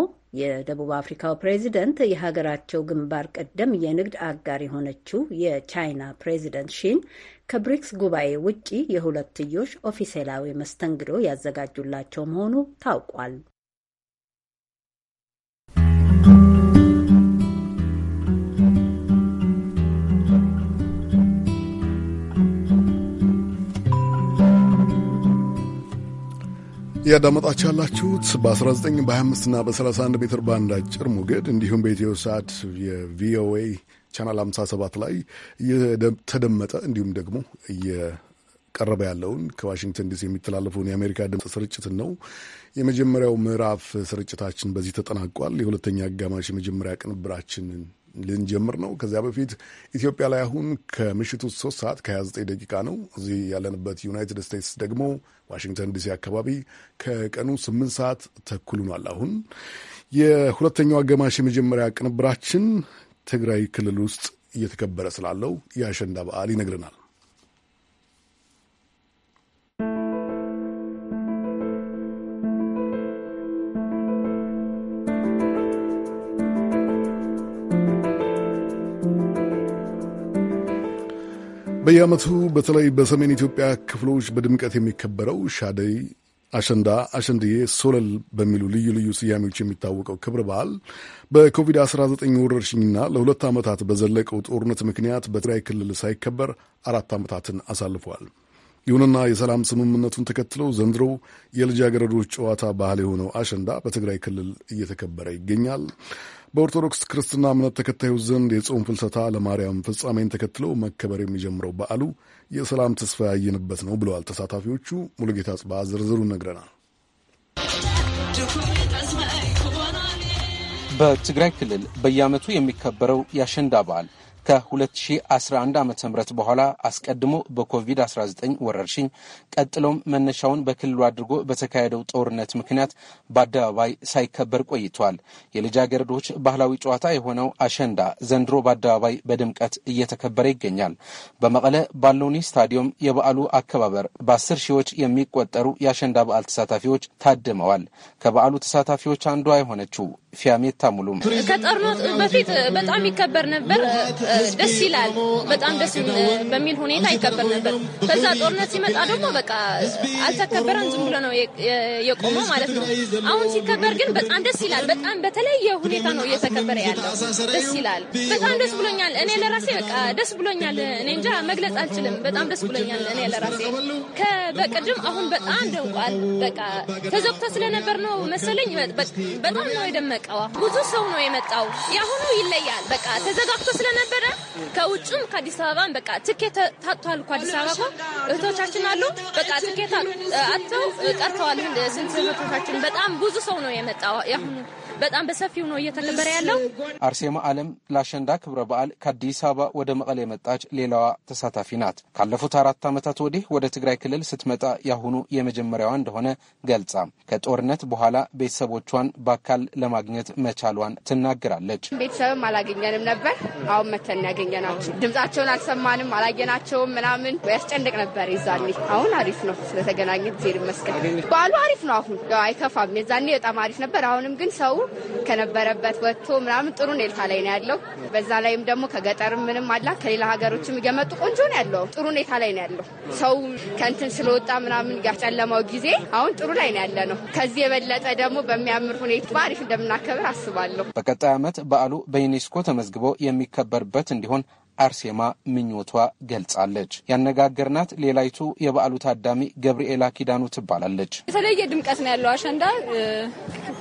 የደቡብ አፍሪካው ፕሬዚደንት የሀገራቸው ግንባር ቀደም የንግድ አጋር የሆነችው የቻይና ፕሬዚደንት ሺን ከብሪክስ ጉባኤ ውጪ የሁለትዮሽ ኦፊሴላዊ መስተንግዶ ያዘጋጁላቸው መሆኑ ታውቋል። እያዳመጣችሁ ያላችሁት በ19 25 በ31 ሜትር ባንድ አጭር ሞገድ እንዲሁም በኢትዮ ሰዓት የቪኦኤ ቻናል 57 ላይ እየተደመጠ እንዲሁም ደግሞ እየቀረበ ያለውን ከዋሽንግተን ዲሲ የሚተላለፈውን የአሜሪካ ድምፅ ስርጭትን ነው። የመጀመሪያው ምዕራፍ ስርጭታችን በዚህ ተጠናቋል። የሁለተኛ አጋማሽ የመጀመሪያ ቅንብራችንን ልንጀምር ነው። ከዚያ በፊት ኢትዮጵያ ላይ አሁን ከምሽቱ ሶስት ሰዓት ከ29 ደቂቃ ነው። እዚህ ያለንበት ዩናይትድ ስቴትስ ደግሞ ዋሽንግተን ዲሲ አካባቢ ከቀኑ 8 ሰዓት ተኩል ሆኗል። አሁን የሁለተኛው አጋማሽ የመጀመሪያ ቅንብራችን ትግራይ ክልል ውስጥ እየተከበረ ስላለው የአሸንዳ በዓል ይነግረናል። በየዓመቱ በተለይ በሰሜን ኢትዮጵያ ክፍሎች በድምቀት የሚከበረው ሻደይ አሸንዳ፣ አሸንድዬ፣ ሶለል በሚሉ ልዩ ልዩ ስያሜዎች የሚታወቀው ክብረ በዓል በኮቪድ-19 ወረርሽኝና ለሁለት ዓመታት በዘለቀው ጦርነት ምክንያት በትግራይ ክልል ሳይከበር አራት ዓመታትን አሳልፏል። ይሁንና የሰላም ስምምነቱን ተከትለው ዘንድሮ የልጃገረዶች ጨዋታ ባህል የሆነው አሸንዳ በትግራይ ክልል እየተከበረ ይገኛል። በኦርቶዶክስ ክርስትና እምነት ተከታዮች ዘንድ የጾም ፍልሰታ ለማርያም ፍጻሜን ተከትሎ መከበር የሚጀምረው በዓሉ የሰላም ተስፋ ያየንበት ነው ብለዋል ተሳታፊዎቹ። ሙሉጌታ ጽባ ዝርዝሩ ነግረናል። በትግራይ ክልል በየዓመቱ የሚከበረው የአሸንዳ በዓል ከ2011 ዓ ም በኋላ አስቀድሞ በኮቪድ-19 ወረርሽኝ ቀጥሎም መነሻውን በክልሉ አድርጎ በተካሄደው ጦርነት ምክንያት በአደባባይ ሳይከበር ቆይቷል። የልጃገረዶች ባህላዊ ጨዋታ የሆነው አሸንዳ ዘንድሮ በአደባባይ በድምቀት እየተከበረ ይገኛል። በመቀለ ባሎኒ ስታዲየም የበዓሉ አከባበር በአስር ሺዎች የሚቆጠሩ የአሸንዳ በዓል ተሳታፊዎች ታድመዋል። ከበዓሉ ተሳታፊዎች አንዷ የሆነችው ፊያሜታ ሙሉም ከጦርነቱ በፊት በጣም ይከበር ነበር። ደስ ይላል። በጣም ደስ በሚል ሁኔታ ይከበር ነበር። ከዛ ጦርነት ሲመጣ ደግሞ በቃ አልተከበረም፣ ዝም ብሎ ነው የቆመው ማለት ነው። አሁን ሲከበር ግን በጣም ደስ ይላል። በጣም በተለየ ሁኔታ ነው እየተከበረ ያለው። ደስ ይላል። በጣም ደስ ብሎኛል። እኔ ለራሴ በቃ ደስ ብሎኛል። እኔ እንጃ መግለጽ አልችልም። በጣም ደስ ብሎኛል። እኔ ለራሴ ከበቅድም አሁን በጣም ደንቋል። በቃ ተዘግቶ ስለነበር ነው መሰለኝ በጣም ነው የደመቀው። ብዙ ሰው ነው የመጣው። የአሁኑ ይለያል። በቃ ተዘጋግቶ ስለነበር ነበረ። ከውጭም ከአዲስ አበባም በቃ ትኬት ታጥቷል እኮ አዲስ አበባ እኮ እህቶቻችን አሉ በቃ ትኬት አጥተው ቀርተዋል። ስንት እህቶቻችን በጣም ብዙ ሰው ነው የመጣው ያሁኑ በጣም በሰፊው ነው እየተከበረ ያለው። አርሴማ አለም ለአሸንዳ ክብረ በዓል ከአዲስ አበባ ወደ መቀሌ የመጣች ሌላዋ ተሳታፊ ናት። ካለፉት አራት ዓመታት ወዲህ ወደ ትግራይ ክልል ስትመጣ ያሁኑ የመጀመሪያዋ እንደሆነ ገልጻ ከጦርነት በኋላ ቤተሰቦቿን በአካል ለማግኘት መቻሏን ትናገራለች። ቤተሰብም አላገኘንም ነበር። አሁን መተን ያገኘ ናቸው። ድምጻቸውን አልሰማንም፣ አላየናቸውም ምናምን ያስጨንቅ ነበር ይዛኔ። አሁን አሪፍ ነው ስለተገናኘ ጊዜ ይመስገን። በዓሉ አሪፍ ነው። አሁን አይከፋም። የዛኔ በጣም አሪፍ ነበር። አሁንም ግን ሰው ከነበረበት ወጥቶ ምናምን ጥሩ ሁኔታ ላይ ነው ያለው። በዛ ላይም ደግሞ ከገጠር ምንም አላ ከሌላ ሀገሮችም እየመጡ ቆንጆ ነው ያለው። ጥሩ ሁኔታ ላይ ነው ያለው። ሰው ከንትን ስለወጣ ምናምን ያጨለመው ጊዜ አሁን ጥሩ ላይ ነው ያለ ነው። ከዚህ የበለጠ ደግሞ በሚያምር ሁኔታ በአሪፍ እንደምናከብር አስባለሁ። በቀጣይ ዓመት በዓሉ በዩኔስኮ ተመዝግቦ የሚከበርበት እንዲሆን አርሴማ ምኞቷ ገልጻለች። ያነጋገርናት ሌላይቱ የበዓሉ ታዳሚ ገብርኤላ ኪዳኑ ትባላለች። የተለየ ድምቀት ነው ያለው አሸንዳ።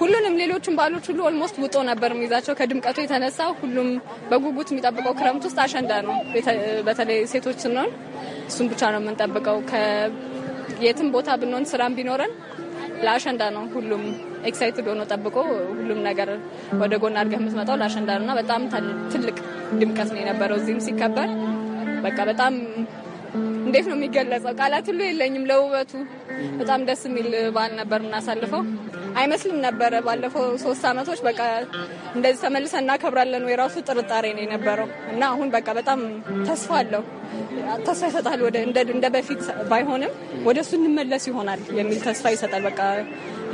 ሁሉንም ሌሎችን በዓሎች ሁሉ ኦልሞስት ውጦ ነበር የሚይዛቸው። ከድምቀቱ የተነሳ ሁሉም በጉጉት የሚጠብቀው ክረምት ውስጥ አሸንዳ ነው። በተለይ ሴቶች ስንሆን እሱን ብቻ ነው የምንጠብቀው። የትም ቦታ ብንሆን ስራም ቢኖረን ለአሸንዳ ነው። ሁሉም ኤክሳይትድ ሆኖ ጠብቆ ሁሉም ነገር ወደ ጎን አድርገህ የምትመጣው ለአሸንዳ ነው እና በጣም ትልቅ ድምቀት ነው የነበረው እዚህም ሲከበር በቃ በጣም እንዴት ነው የሚገለጸው? ቃላት ሁሉ የለኝም ለውበቱ። በጣም ደስ የሚል በዓል ነበር የምናሳልፈው። አይመስልም ነበረ። ባለፈው ሶስት አመቶች በቃ እንደዚህ ተመልሰ እናከብራለን ወይ ራሱ ጥርጣሬ ነው የነበረው እና አሁን በቃ በጣም ተስፋ አለው። ተስፋ ይሰጣል። ወደ እንደ በፊት ባይሆንም ወደ እሱ እንመለስ ይሆናል የሚል ተስፋ ይሰጣል። በቃ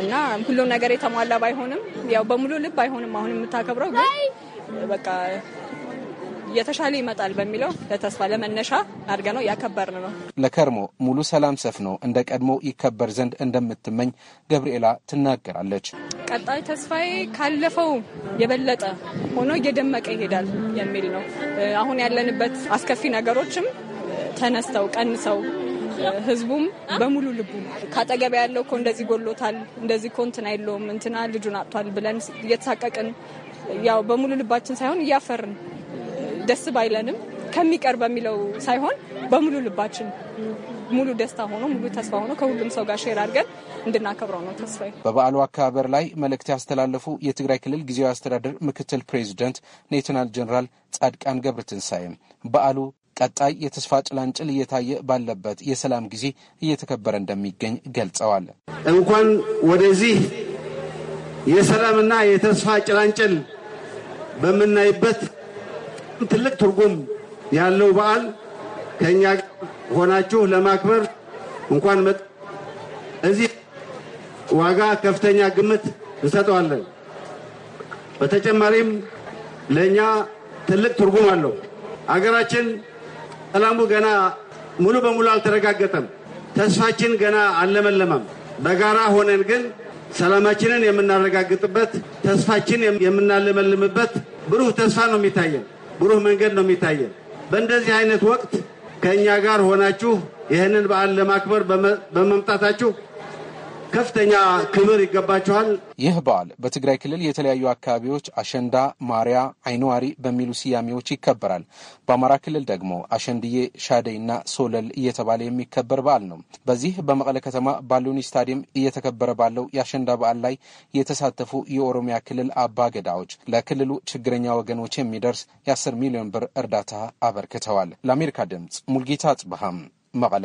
እና ሁሉም ነገር የተሟላ ባይሆንም ያው በሙሉ ልብ አይሆንም አሁን የምታከብረው ግን በቃ እየተሻለ ይመጣል በሚለው ለተስፋ ለመነሻ አድርገ ነው ያከበርን ነው። ለከርሞ ሙሉ ሰላም ሰፍኖ እንደ ቀድሞ ይከበር ዘንድ እንደምትመኝ ገብርኤላ ትናገራለች። ቀጣይ ተስፋዬ ካለፈው የበለጠ ሆኖ እየደመቀ ይሄዳል የሚል ነው። አሁን ያለንበት አስከፊ ነገሮችም ተነስተው ቀንሰው ህዝቡም በሙሉ ልቡ ካጠገብ ያለው እኮ እንደዚህ ጎሎታል፣ እንደዚህ እኮ እንትን አይለውም እንትና ልጁን አጥቷል ብለን እየተሳቀቅን ያው በሙሉ ልባችን ሳይሆን እያፈርን ደስ ባይለንም ከሚቀር በሚለው ሳይሆን በሙሉ ልባችን ሙሉ ደስታ ሆኖ ሙሉ ተስፋ ሆኖ ከሁሉም ሰው ጋር ሼር አድርገን እንድናከብረው ነው ተስፋ። በበዓሉ አከባበር ላይ መልእክት ያስተላለፉ የትግራይ ክልል ጊዜያዊ አስተዳደር ምክትል ፕሬዚደንት ሌተናል ጀኔራል ጻድቃን ገብረትንሳኤም በዓሉ ቀጣይ የተስፋ ጭላንጭል እየታየ ባለበት የሰላም ጊዜ እየተከበረ እንደሚገኝ ገልጸዋል። እንኳን ወደዚህ የሰላምና የተስፋ ጭላንጭል በምናይበት ትልቅ ትርጉም ያለው በዓል ከእኛ ሆናችሁ ለማክበር እንኳን መጥ እዚህ ዋጋ ከፍተኛ ግምት እንሰጠዋለን። በተጨማሪም ለእኛ ትልቅ ትርጉም አለው። አገራችን ሰላሙ ገና ሙሉ በሙሉ አልተረጋገጠም። ተስፋችን ገና አልለመለመም። በጋራ ሆነን ግን ሰላማችንን የምናረጋግጥበት፣ ተስፋችን የምናለመልምበት ብሩህ ተስፋ ነው የሚታየን። ብሩህ መንገድ ነው የሚታየን። በእንደዚህ አይነት ወቅት ከእኛ ጋር ሆናችሁ ይህንን በዓል ለማክበር በመምጣታችሁ ከፍተኛ ክብር ይገባቸዋል። ይህ በዓል በትግራይ ክልል የተለያዩ አካባቢዎች አሸንዳ፣ ማሪያ፣ አይንዋሪ በሚሉ ስያሜዎች ይከበራል። በአማራ ክልል ደግሞ አሸንድዬ፣ ሻደይና ሶለል እየተባለ የሚከበር በዓል ነው። በዚህ በመቀለ ከተማ ባሉኒ ስታዲየም እየተከበረ ባለው የአሸንዳ በዓል ላይ የተሳተፉ የኦሮሚያ ክልል አባ ገዳዎች ለክልሉ ችግረኛ ወገኖች የሚደርስ የ10 ሚሊዮን ብር እርዳታ አበርክተዋል። ለአሜሪካ ድምጽ ሙልጌታ አጽበሃም መቀለ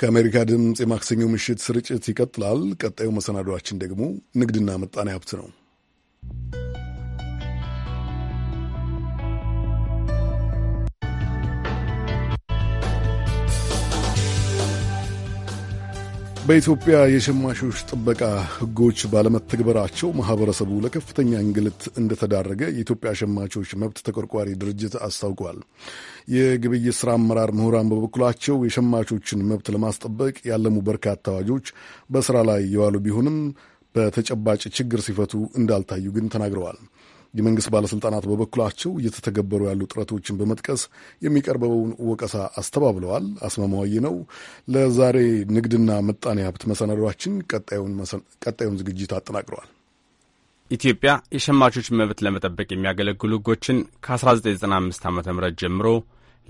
ከአሜሪካ ድምፅ የማክሰኞ ምሽት ስርጭት ይቀጥላል። ቀጣዩ መሰናዷችን ደግሞ ንግድና ምጣኔ ሀብት ነው። በኢትዮጵያ የሸማቾች ጥበቃ ሕጎች ባለመተግበራቸው ማህበረሰቡ ለከፍተኛ እንግልት እንደተዳረገ የኢትዮጵያ ሸማቾች መብት ተቆርቋሪ ድርጅት አስታውቋል። የግብይት ስራ አመራር ምሁራን በበኩላቸው የሸማቾችን መብት ለማስጠበቅ ያለሙ በርካታ አዋጆች በስራ ላይ የዋሉ ቢሆንም በተጨባጭ ችግር ሲፈቱ እንዳልታዩ ግን ተናግረዋል። የመንግሥት ባለስልጣናት በበኩላቸው እየተተገበሩ ያሉ ጥረቶችን በመጥቀስ የሚቀርበውን ወቀሳ አስተባብለዋል። አስማማዋይ ነው። ለዛሬ ንግድና ምጣኔ ሀብት መሰናዷችን ቀጣዩን ዝግጅት አጠናቅረዋል። ኢትዮጵያ የሸማቾች መብት ለመጠበቅ የሚያገለግሉ ሕጎችን ከ1995 ዓ ም ጀምሮ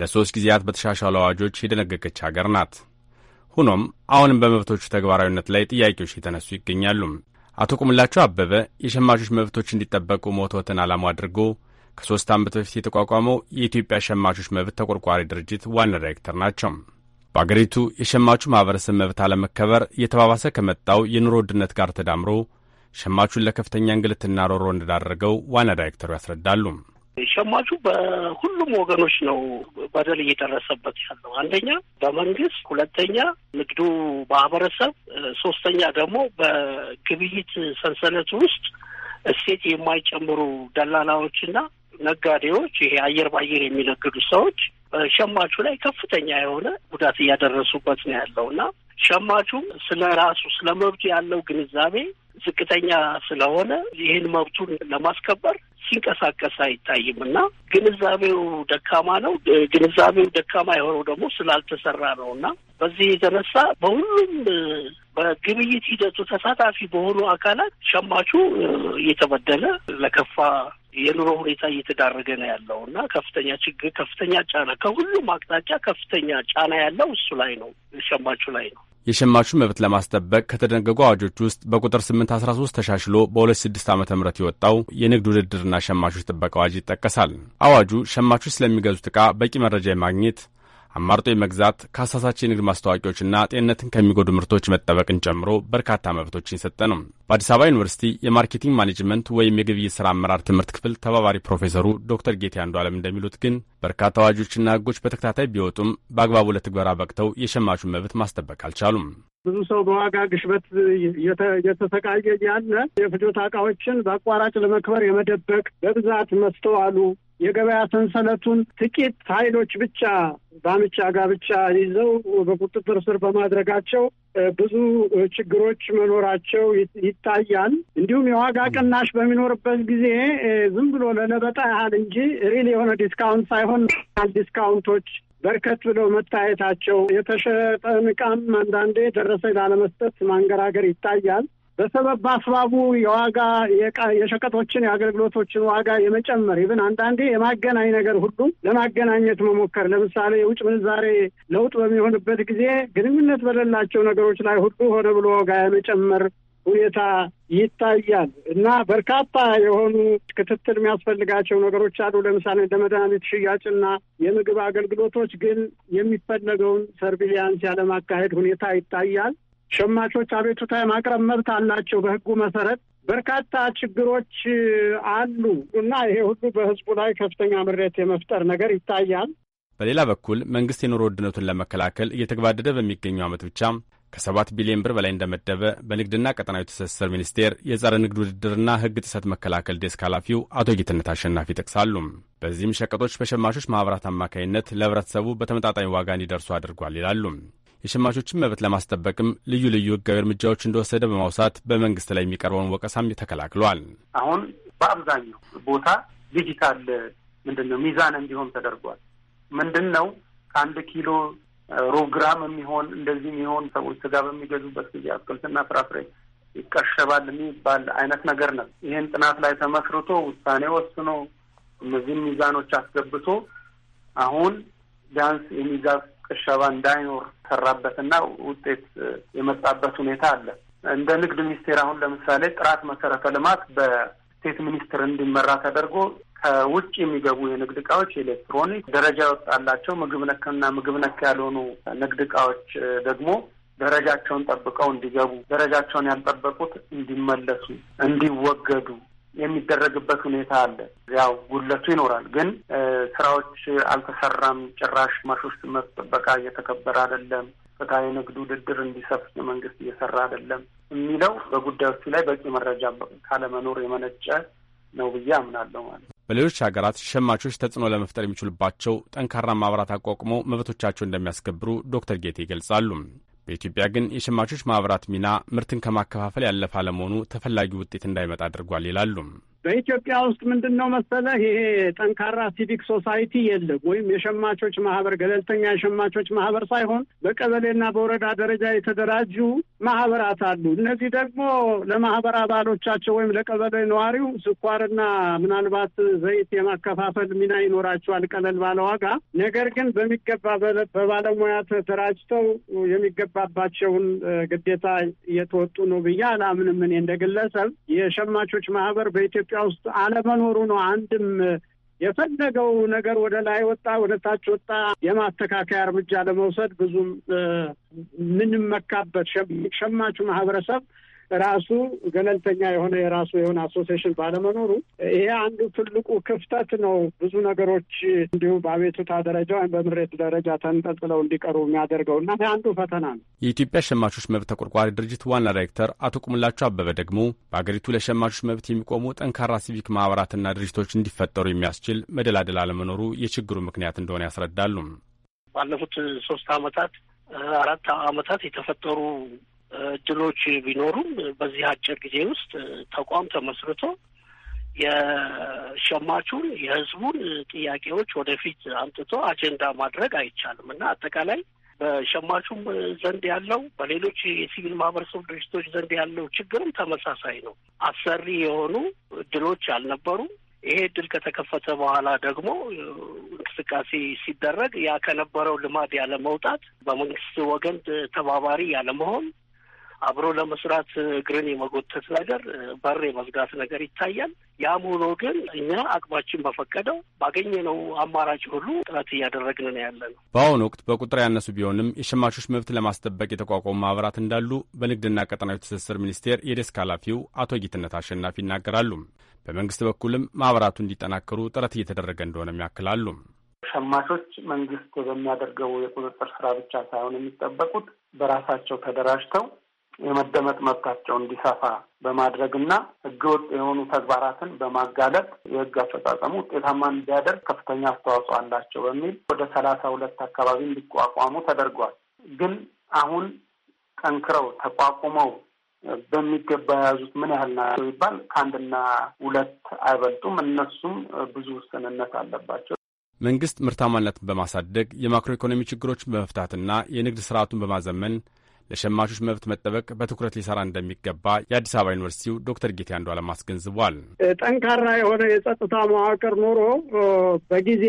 ለሦስት ጊዜያት በተሻሻሉ አዋጆች የደነገገች ሀገር ናት። ሆኖም አሁንም በመብቶቹ ተግባራዊነት ላይ ጥያቄዎች የተነሱ ይገኛሉ። አቶ ቁምላቸው አበበ የሸማቾች መብቶች እንዲጠበቁ ሞቶትን ዓላማ አድርጎ ከሶስት ዓመት በፊት የተቋቋመው የኢትዮጵያ ሸማቾች መብት ተቆርቋሪ ድርጅት ዋና ዳይሬክተር ናቸው። በአገሪቱ የሸማቹ ማኅበረሰብ መብት አለመከበር እየተባባሰ ከመጣው የኑሮ ውድነት ጋር ተዳምሮ ሸማቹን ለከፍተኛ እንግልትና ሮሮ እንዳደረገው ዋና ዳይሬክተሩ ያስረዳሉ። ሸማቹ በሁሉም ወገኖች ነው በደል እየደረሰበት ያለው። አንደኛ በመንግስት፣ ሁለተኛ ንግዱ ማህበረሰብ፣ ሶስተኛ ደግሞ በግብይት ሰንሰለት ውስጥ እሴት የማይጨምሩ ደላላዎችና ነጋዴዎች፣ ይሄ አየር ባየር የሚነግዱ ሰዎች በሸማቹ ላይ ከፍተኛ የሆነ ጉዳት እያደረሱበት ነው ያለው እና ሸማቹም ስለ ራሱ ስለ መብቱ ያለው ግንዛቤ ዝቅተኛ ስለሆነ ይህን መብቱን ለማስከበር ሲንቀሳቀስ አይታይም እና ግንዛቤው ደካማ ነው። ግንዛቤው ደካማ የሆነው ደግሞ ስላልተሰራ ነው እና በዚህ የተነሳ በሁሉም በግብይት ሂደቱ ተሳታፊ በሆኑ አካላት ሸማቹ እየተበደለ ለከፋ የኑሮ ሁኔታ እየተዳረገ ነው ያለው እና ከፍተኛ ችግር፣ ከፍተኛ ጫና ከሁሉም አቅጣጫ ከፍተኛ ጫና ያለው እሱ ላይ ነው፣ ሸማቹ ላይ ነው። የሸማቹን መብት ለማስጠበቅ ከተደነገጉ አዋጆች ውስጥ በቁጥር 813 ተሻሽሎ በ26 ዓ ም የወጣው የንግድ ውድድርና ሸማቾች ጥበቃ አዋጅ ይጠቀሳል። አዋጁ ሸማቾች ስለሚገዙት ዕቃ በቂ መረጃ የማግኘት አማርጦ የመግዛት ከአሳሳች የንግድ ማስታወቂያዎችና ጤንነትን ከሚጎዱ ምርቶች መጠበቅን ጨምሮ በርካታ መብቶችን የሰጠ ነው። በአዲስ አበባ ዩኒቨርሲቲ የማርኬቲንግ ማኔጅመንት ወይም የግብይት ስራ አመራር ትምህርት ክፍል ተባባሪ ፕሮፌሰሩ ዶክተር ጌቴ አንዱ አለም እንደሚሉት ግን በርካታ አዋጆችና ህጎች በተከታታይ ቢወጡም በአግባቡ ለትግበራ በቅተው የሸማቹን መብት ማስጠበቅ አልቻሉም። ብዙ ሰው በዋጋ ግሽበት እየተሰቃየ ያለ የፍጆታ እቃዎችን በአቋራጭ ለመክበር የመደበቅ በብዛት መስተዋሉ የገበያ ሰንሰለቱን ጥቂት ኃይሎች ብቻ በአምቻ ብቻ ይዘው በቁጥጥር ስር በማድረጋቸው ብዙ ችግሮች መኖራቸው ይታያል። እንዲሁም የዋጋ ቅናሽ በሚኖርበት ጊዜ ዝም ብሎ ለለበጣ ያህል እንጂ ሪል የሆነ ዲስካውንት ሳይሆን ዲስካውንቶች በርከት ብለው መታየታቸው የተሸጠን ዕቃም አንዳንዴ ደረሰ ላለመስጠት ማንገራገር ይታያል። በሰበብ በአስባቡ የዋጋ የሸቀጦችን የአገልግሎቶችን ዋጋ የመጨመር ይብን አንዳንዴ የማገናኝ ነገር ሁሉ ለማገናኘት መሞከር ለምሳሌ የውጭ ምንዛሬ ለውጥ በሚሆንበት ጊዜ ግንኙነት በሌላቸው ነገሮች ላይ ሁሉ ሆነ ብሎ ዋጋ የመጨመር ሁኔታ ይታያል እና በርካታ የሆኑ ክትትል የሚያስፈልጋቸው ነገሮች አሉ። ለምሳሌ እንደ መድኃኒት ሽያጭና የምግብ አገልግሎቶች ግን የሚፈለገውን ሰርቪሊያንስ ያለማካሄድ ሁኔታ ይታያል። ሸማቾች አቤቱታ የማቅረብ መብት አላቸው በህጉ መሰረት በርካታ ችግሮች አሉ እና ይሄ ሁሉ በህዝቡ ላይ ከፍተኛ ምሬት የመፍጠር ነገር ይታያል። በሌላ በኩል መንግስት የኑሮ ውድነቱን ለመከላከል እየተግባደደ በሚገኘው ዓመት ብቻ ከሰባት ቢሊዮን ብር በላይ እንደመደበ በንግድና ቀጠናዊ ትስስር ሚኒስቴር የጸረ ንግድ ውድድርና ሕግ ጥሰት መከላከል ዴስክ ኃላፊው አቶ ጌትነት አሸናፊ ይጠቅሳሉ። በዚህም ሸቀጦች በሸማቾች ማኅበራት አማካኝነት ለህብረተሰቡ በተመጣጣኝ ዋጋ እንዲደርሱ አድርጓል ይላሉ። የሸማቾችን መብት ለማስጠበቅም ልዩ ልዩ ህጋዊ እርምጃዎች እንደወሰደ በማውሳት በመንግስት ላይ የሚቀርበውን ወቀሳም ተከላክሏል። አሁን በአብዛኛው ቦታ ዲጂታል ምንድን ነው ሚዛን እንዲሆን ተደርጓል። ምንድን ነው ከአንድ ኪሎ ሩብ ግራም የሚሆን እንደዚህ የሚሆን ሰዎች ስጋ በሚገዙበት ጊዜ አትክልትና ፍራፍሬ ይቀሸባል የሚባል አይነት ነገር ነው። ይህን ጥናት ላይ ተመስርቶ ውሳኔ ወስኖ እነዚህም ሚዛኖች አስገብቶ አሁን ቢያንስ የሚዛ ቅሸባ እንዳይኖር ሰራበትና ውጤት የመጣበት ሁኔታ አለ። እንደ ንግድ ሚኒስቴር አሁን ለምሳሌ ጥራት መሰረተ ልማት በስቴት ሚኒስትር እንዲመራ ተደርጎ ከውጭ የሚገቡ የንግድ እቃዎች ኤሌክትሮኒክ ደረጃ የወጣላቸው ምግብ ነክና ምግብ ነክ ያልሆኑ ንግድ እቃዎች ደግሞ ደረጃቸውን ጠብቀው እንዲገቡ፣ ደረጃቸውን ያልጠበቁት እንዲመለሱ፣ እንዲወገዱ የሚደረግበት ሁኔታ አለ። ያው ጉድለቱ ይኖራል፣ ግን ስራዎች አልተሰራም። ጭራሽ ማሾች መብት ጥበቃ እየተከበረ አይደለም። ፍትሐዊ ንግድ ውድድር እንዲሰፍ መንግስት እየሰራ አይደለም የሚለው በጉዳዮቹ ላይ በቂ መረጃ ካለመኖር የመነጨ ነው ብዬ አምናለሁ ማለት ነው። በሌሎች ሀገራት ሸማቾች ተጽዕኖ ለመፍጠር የሚችሉባቸው ጠንካራ ማኅበራት አቋቁመው መብቶቻቸው እንደሚያስከብሩ ዶክተር ጌቴ ይገልጻሉ። በኢትዮጵያ ግን የሸማቾች ማኅበራት ሚና ምርትን ከማከፋፈል ያለፈ አለመሆኑ ተፈላጊ ውጤት እንዳይመጣ አድርጓል ይላሉ። በኢትዮጵያ ውስጥ ምንድን ነው መሰለህ ይሄ ጠንካራ ሲቪክ ሶሳይቲ የለም። ወይም የሸማቾች ማህበር ገለልተኛ የሸማቾች ማህበር ሳይሆን በቀበሌና በወረዳ ደረጃ የተደራጁ ማህበራት አሉ። እነዚህ ደግሞ ለማህበር አባሎቻቸው ወይም ለቀበሌ ነዋሪው ስኳርና ምናልባት ዘይት የማከፋፈል ሚና ይኖራቸዋል ቀለል ባለ ዋጋ። ነገር ግን በሚገባ በባለሙያ ተደራጅተው የሚገባባቸውን ግዴታ እየተወጡ ነው ብዬ አላምንም። እኔ እንደ ግለሰብ የሸማቾች ማህበር በኢትዮጵያ ኢትዮጵያ ውስጥ አለመኖሩ ነው። አንድም የፈለገው ነገር ወደ ላይ ወጣ፣ ወደ ታች ወጣ፣ የማስተካከያ እርምጃ ለመውሰድ ብዙም ምንመካበት ሸማቹ ማህበረሰብ ራሱ ገለልተኛ የሆነ የራሱ የሆነ አሶሴሽን ባለመኖሩ ይሄ አንዱ ትልቁ ክፍተት ነው። ብዙ ነገሮች እንዲሁ በአቤቱታ ደረጃ ወይም በምሬት ደረጃ ተንጠልጥለው እንዲቀሩ የሚያደርገው እና አንዱ ፈተና ነው። የኢትዮጵያ ሸማቾች መብት ተቆርቋሪ ድርጅት ዋና ዳይሬክተር አቶ ቁምላቸው አበበ ደግሞ በአገሪቱ ለሸማቾች መብት የሚቆሙ ጠንካራ ሲቪክ ማህበራትና ድርጅቶች እንዲፈጠሩ የሚያስችል መደላደል አለመኖሩ የችግሩ ምክንያት እንደሆነ ያስረዳሉ። ባለፉት ሶስት አመታት አራት አመታት የተፈጠሩ እድሎች ቢኖሩም በዚህ አጭር ጊዜ ውስጥ ተቋም ተመስርቶ የሸማቹን የህዝቡን ጥያቄዎች ወደፊት አምጥቶ አጀንዳ ማድረግ አይቻልም እና አጠቃላይ በሸማቹም ዘንድ ያለው በሌሎች የሲቪል ማህበረሰብ ድርጅቶች ዘንድ ያለው ችግርም ተመሳሳይ ነው። አሰሪ የሆኑ እድሎች አልነበሩም። ይሄ እድል ከተከፈተ በኋላ ደግሞ እንቅስቃሴ ሲደረግ ያ ከነበረው ልማድ ያለመውጣት፣ በመንግስት ወገን ተባባሪ ያለመሆን አብሮ ለመስራት እግርን የመጎተት ነገር፣ በር የመዝጋት ነገር ይታያል። ያም ሆኖ ግን እኛ አቅማችን በፈቀደው ባገኘነው አማራጭ ሁሉ ጥረት እያደረግን ነው ያለ ነው። በአሁኑ ወቅት በቁጥር ያነሱ ቢሆንም የሸማቾች መብት ለማስጠበቅ የተቋቋሙ ማህበራት እንዳሉ በንግድና ቀጠናዊ ትስስር ሚኒስቴር የዴስክ ኃላፊው አቶ ጌትነት አሸናፊ ይናገራሉ። በመንግስት በኩልም ማህበራቱ እንዲጠናከሩ ጥረት እየተደረገ እንደሆነም ያክላሉ። ሸማቾች መንግስት በሚያደርገው የቁጥጥር ስራ ብቻ ሳይሆን የሚጠበቁት በራሳቸው ተደራጅተው የመደመጥ መብታቸው እንዲሰፋ በማድረግና ህገወጥ የሆኑ ተግባራትን በማጋለጥ የህግ አፈጻጸሙ ውጤታማ እንዲያደርግ ከፍተኛ አስተዋጽኦ አላቸው በሚል ወደ ሰላሳ ሁለት አካባቢ እንዲቋቋሙ ተደርጓል። ግን አሁን ጠንክረው ተቋቁመው በሚገባ የያዙት ምን ያህል ናቸው ይባል ከአንድና ሁለት አይበልጡም። እነሱም ብዙ ውስንነት አለባቸው። መንግስት ምርታማነትን በማሳደግ የማክሮ ኢኮኖሚ ችግሮችን በመፍታትና የንግድ ስርዓቱን በማዘመን ለሸማቾች መብት መጠበቅ በትኩረት ሊሰራ እንደሚገባ የአዲስ አበባ ዩኒቨርሲቲው ዶክተር ጌቴ አንዱዓለም አስገንዝቧል። ጠንካራ የሆነ የጸጥታ መዋቅር ኖሮ በጊዜ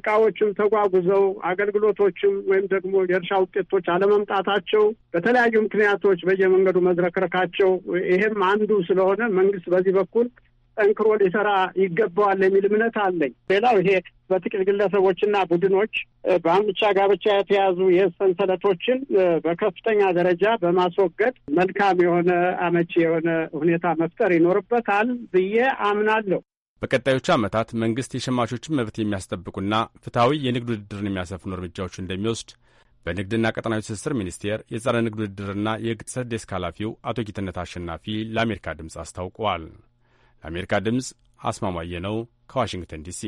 እቃዎችም ተጓጉዘው አገልግሎቶችም ወይም ደግሞ የእርሻ ውጤቶች አለመምጣታቸው በተለያዩ ምክንያቶች በየመንገዱ መዝረክረካቸው ይሄም አንዱ ስለሆነ መንግስት በዚህ በኩል ጠንክሮ ሊሰራ ይገባዋል የሚል እምነት አለኝ። ሌላው ይሄ በጥቂት ግለሰቦችና ቡድኖች በአምቻ ጋብቻ የተያዙ የህዝብ ሰንሰለቶችን በከፍተኛ ደረጃ በማስወገድ መልካም የሆነ አመቺ የሆነ ሁኔታ መፍጠር ይኖርበታል ብዬ አምናለሁ። በቀጣዮቹ ዓመታት መንግስት የሸማቾችን መብት የሚያስጠብቁና ፍትሐዊ የንግድ ውድድርን የሚያሰፍኑ እርምጃዎች እንደሚወስድ በንግድና ቀጠናዊ ትስስር ሚኒስቴር የጸረ ንግድ ውድድርና የህግ ጥሰት ዴስክ ኃላፊው አቶ ጌትነት አሸናፊ ለአሜሪካ ድምፅ አስታውቀዋል። ለአሜሪካ ድምፅ አስማማየ ነው ከዋሽንግተን ዲሲ።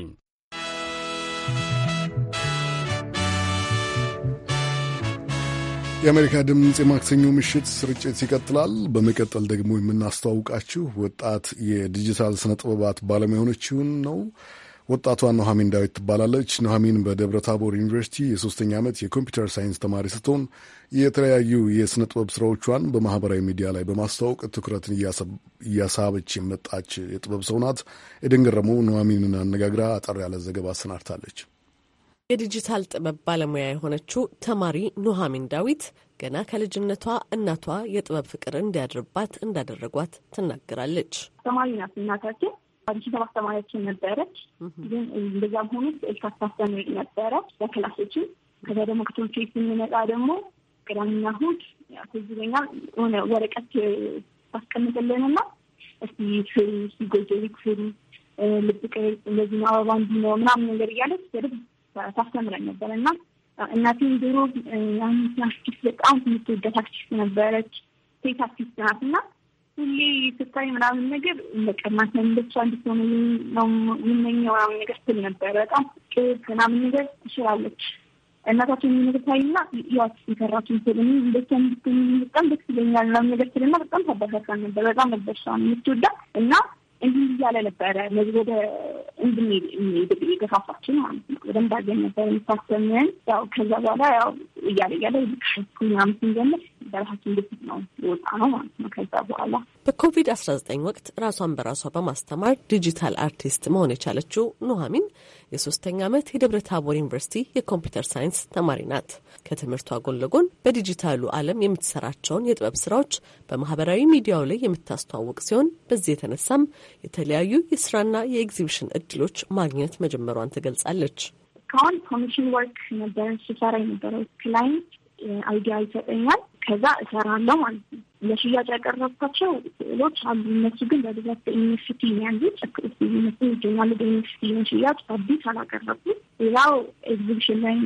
የአሜሪካ ድምፅ የማክሰኞ ምሽት ስርጭት ይቀጥላል። በመቀጠል ደግሞ የምናስተዋውቃችሁ ወጣት የዲጂታል ስነ ጥበባት ባለሙያ የሆነችውን ነው። ወጣቷ ኖሃሚን ዳዊት ትባላለች። ኖሃሚን በደብረ ታቦር ዩኒቨርሲቲ የሶስተኛ ዓመት የኮምፒውተር ሳይንስ ተማሪ ስትሆን የተለያዩ የሥነ ጥበብ ስራዎቿን በማኅበራዊ ሚዲያ ላይ በማስተዋወቅ ትኩረትን እያሳበች የመጣች የጥበብ ሰው ናት። ኤደን ገረሙ አነጋግራ አጠር ያለ ዘገባ አሰናድታለች። የዲጂታል ጥበብ ባለሙያ የሆነችው ተማሪ ኖሃሚን ዳዊት ገና ከልጅነቷ እናቷ የጥበብ ፍቅር እንዲያድርባት እንዳደረጓት ትናገራለች። ተማሪ ናት እናታችን አዲስ አበባ አስተማሪያችን ነበረች። ግን እንደዚያም ሆኖ ስዕል ታስተምር ነበረ በክላሶችን። ከዛ ደግሞ ከትምህርት ቤት ስንመጣ ደግሞ ቅዳሜና እሑድ ትዝ ይለኛል ሆነ ወረቀት ታስቀምጥልንና እስቲ ስሩ፣ ጎጆቤት ስሩ፣ ልብ ቅርጽ እንደዚህ ነው፣ አበባ እንዲህ ነው ምናምን ነገር እያለች በደምብ ታስተምረን ነበር እና እናቴም ድሮ ያንን አርቲስት በጣም የምትወዳት አርቲስት ነበረች። ሴት አርቲስት ናት እና ሁሌ ስታይ ምናምን ነገር መቀማት ነው እንደሷ እንድትሆነ ነው የምመኘው ምናምን ነገር ስል ነበር። በጣም ጭብ ምናምን ነገር ትችላለች እናታቸው የሚነገር ያት የሰራችን ስል እንደሷ እንድትሆነ በጣም ደስ ይለኛል ምናምን ነገር ስልና በጣም ታበሳሳን ነበር። በጣም ነበር እሷን የምትወዳ እና እንዲህ እያለ ነበረ ለዚህ ወደ እንድንሄድ የገፋፋችን ማለት ነው። በደንብ እንዳገኝ ነበር የምታሰምን ያው ከዛ በኋላ ያው እያለ እያለ ሃይስኩል ምናምን ስንጀምር በራሳችን ግፊት ነው የወጣ ነው ማለት ነው። ከዛ በኋላ በኮቪድ አስራ ዘጠኝ ወቅት ራሷን በራሷ በማስተማር ዲጂታል አርቲስት መሆን የቻለችው ኑሐሚን የሶስተኛ ዓመት የደብረ ታቦር ዩኒቨርሲቲ የኮምፒውተር ሳይንስ ተማሪ ናት። ከትምህርቷ ጎን ለጎን በዲጂታሉ ዓለም የምትሰራቸውን የጥበብ ስራዎች በማህበራዊ ሚዲያው ላይ የምታስተዋውቅ ሲሆን በዚህ የተነሳም የተለያዩ የስራና የኤግዚቢሽን እድሎች ማግኘት መጀመሯን ትገልጻለች። እስካሁን ኮሚሽን ወርክ ነበረ ስሰራ የነበረው ክላይንት አይዲያ ይሰጠኛል፣ ከዛ እሰራለው ማለት ነው። ለሽያጭ ያቀረብኳቸው ስዕሎች አሉ። እነሱ ግን በብዛት በዩኒቨርሲቲ ያሉት ነት ይገኛሉ። በዩኒቨርሲቲ ሽያጭ አዲስ አላቀረብኩም። ሌላው ኤግዚቢሽን ላይ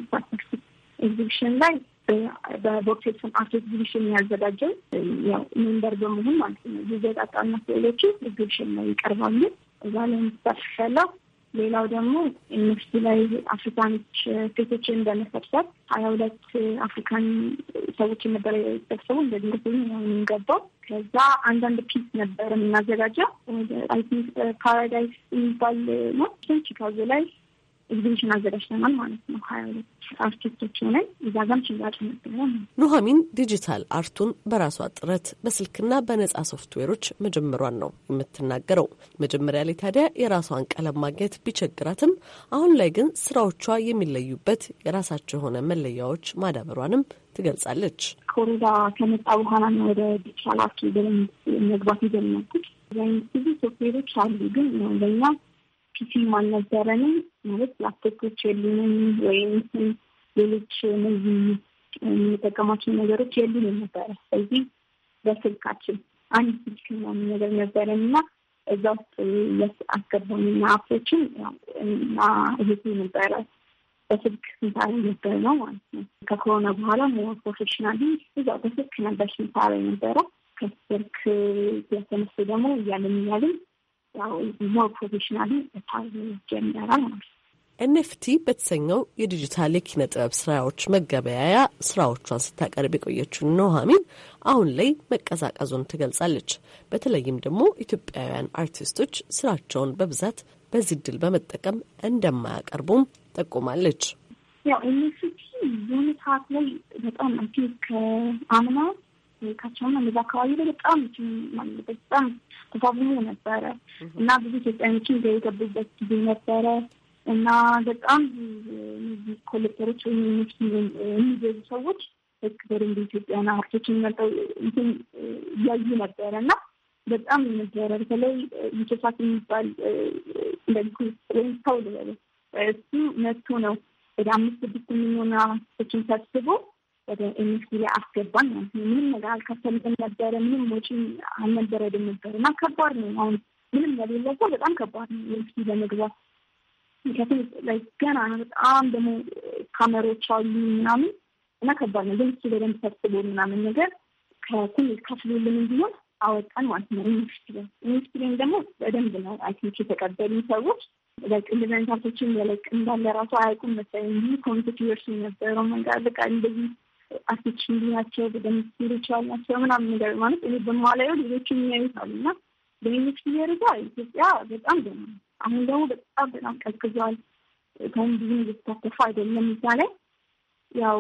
ኤግዚቢሽን ላይ በቦክሴ አርት ኤግዚቢሽን የሚያዘጋጀው ያው ሜምበር በመሆን ማለት ነው። ይዘጣጣና ስዕሎቹ ኤግዚቢሽን ላይ ይቀርባሉ። እዛ ላይ ምትሳተፊያለሽ። ሌላው ደግሞ ዩኒቨርሲቲ ላይ አፍሪካኖች ሴቶችን በመሰብሰብ ሀያ ሁለት አፍሪካን ሰዎችን ነበር የተሰብሰቡ እንደዚህ ንግ የሚገባው። ከዛ አንዳንድ ፒስ ነበር የምናዘጋጀው አይ ቲንክ ፓራዳይስ የሚባል ነው፣ ቺካጎ ላይ ኤግዚቢሽን አዘጋጅተናል ማለት ነው። ሀያ ሁለት አርቲስቶች ሆነን እዛ ጋም ሽያጭ ነበረ። ኑሐሚን ዲጂታል አርቱን በራሷ ጥረት በስልክና በነጻ ሶፍትዌሮች መጀመሯን ነው የምትናገረው። መጀመሪያ ላይ ታዲያ የራሷን ቀለም ማግኘት ቢቸግራትም አሁን ላይ ግን ስራዎቿ የሚለዩበት የራሳቸው የሆነ መለያዎች ማዳበሯንም ትገልጻለች። ኮሮና ከመጣ በኋላ ነው ወደ ዲጂታል አርቱ በደንብ መግባት የጀመርኩት። ዛይነት ብዙ ሶፍትዌሮች አሉ ግን ለኛ ፒሲም አልነበረንም ማለት ላፕቶፖች የሉንም ወይም ሌሎች እነዚህ የምንጠቀማቸው ነገሮች የሉንም ነበረ። ስለዚህ በስልካችን አንድ ስልክ ምናምን ነገር ነበረን እና እዛ ውስጥ አስገባን እና አፖችን እና እህቱ ነበረ በስልክ ስንታ ነበር ነው ማለት ነው። ከኮሮና በኋላ ሞ ፕሮፌሽናሊ እዛ በስልክ ነበር ስንታ ነበረ። ከስልክ የተነሱ ደግሞ እያለን እያለን ያው ሞር ፕሮፌሽናሊ ጀምረናል ማለት ኤንኤፍቲ በተሰኘው የዲጂታል የኪነ ጥበብ ስራዎች መገበያያ ስራዎቿን ስታቀርብ የቆየችው ኖሃሚን አሁን ላይ መቀዛቀዙን ትገልጻለች። በተለይም ደግሞ ኢትዮጵያውያን አርቲስቶች ስራቸውን በብዛት በዚህ ድል በመጠቀም እንደማያቀርቡም ጠቁማለች። ያው ኤንኤፍቲ የሆነ ሰዓት ላይ በጣም አምፒ ከአምና ስሜካቸውና እነዚ አካባቢ ላይ በጣም በጣም ተሳብሎ ነበረ እና ብዙ ኢትዮጵያኖችን ገየገቡበት ጊዜ ነበረ እና በጣም እነዚህ ኮሌክተሮች ወይም የሚገዙ ሰዎች ህክ በደንብ ኢትዮጵያን አርቶች የሚመጠው እንትን እያዩ ነበረ እና በጣም ነበረ በተለይ ኢትዮሳት የሚባል ወይም ሰው ልበለ እሱ መቶ ነው ወደ አምስት ስድስት የሚሆን ሰዎችን ሰብስቦ ወደ ኤምሲ ላይ አስገባን ማለት ነው። ምንም ነገር አልከፈልም ነበረ። ምንም ወጪ አልነበረድም ነበር እና ከባድ ነው። አሁን ምንም የሌለው ሰው በጣም ከባድ ነው ኤምሲ ለመግባት ምክንያቱም ገና ነው። በጣም ደግሞ ካሜሮች አሉ ምናምን እና ከባድ ነው። ግን እሱ በደንብ ሰብስቦ ምናምን ነገር ከትንሽ ከፍሎልን እንዲሆን አወጣን ማለት ነው። ኢንዱስትሪ ኢንዱስትሪን ደግሞ በደንብ ነው አይ ቲንክ የተቀበሉ ሰዎች እንደዚህ አይነት ሀብቶችን እንዳለ ራሱ አያውቁም መሰለኝ። ኮሚቴ የነበረው መንጋር በቃ እንደዚህ አስችን ናቸው በደምብ ይቻል ናቸው ምናምን ነገር ማለት እኔ በማላየው ሌሎች የሚያዩታል እና በሌሎች ሚያደርጋ ኢትዮጵያ በጣም ደሞ አሁን ደግሞ በጣም በጣም ቀዝቅዟል። ከሁም ብዙ እየተሳተፉ አይደለም እዛ ላይ ያው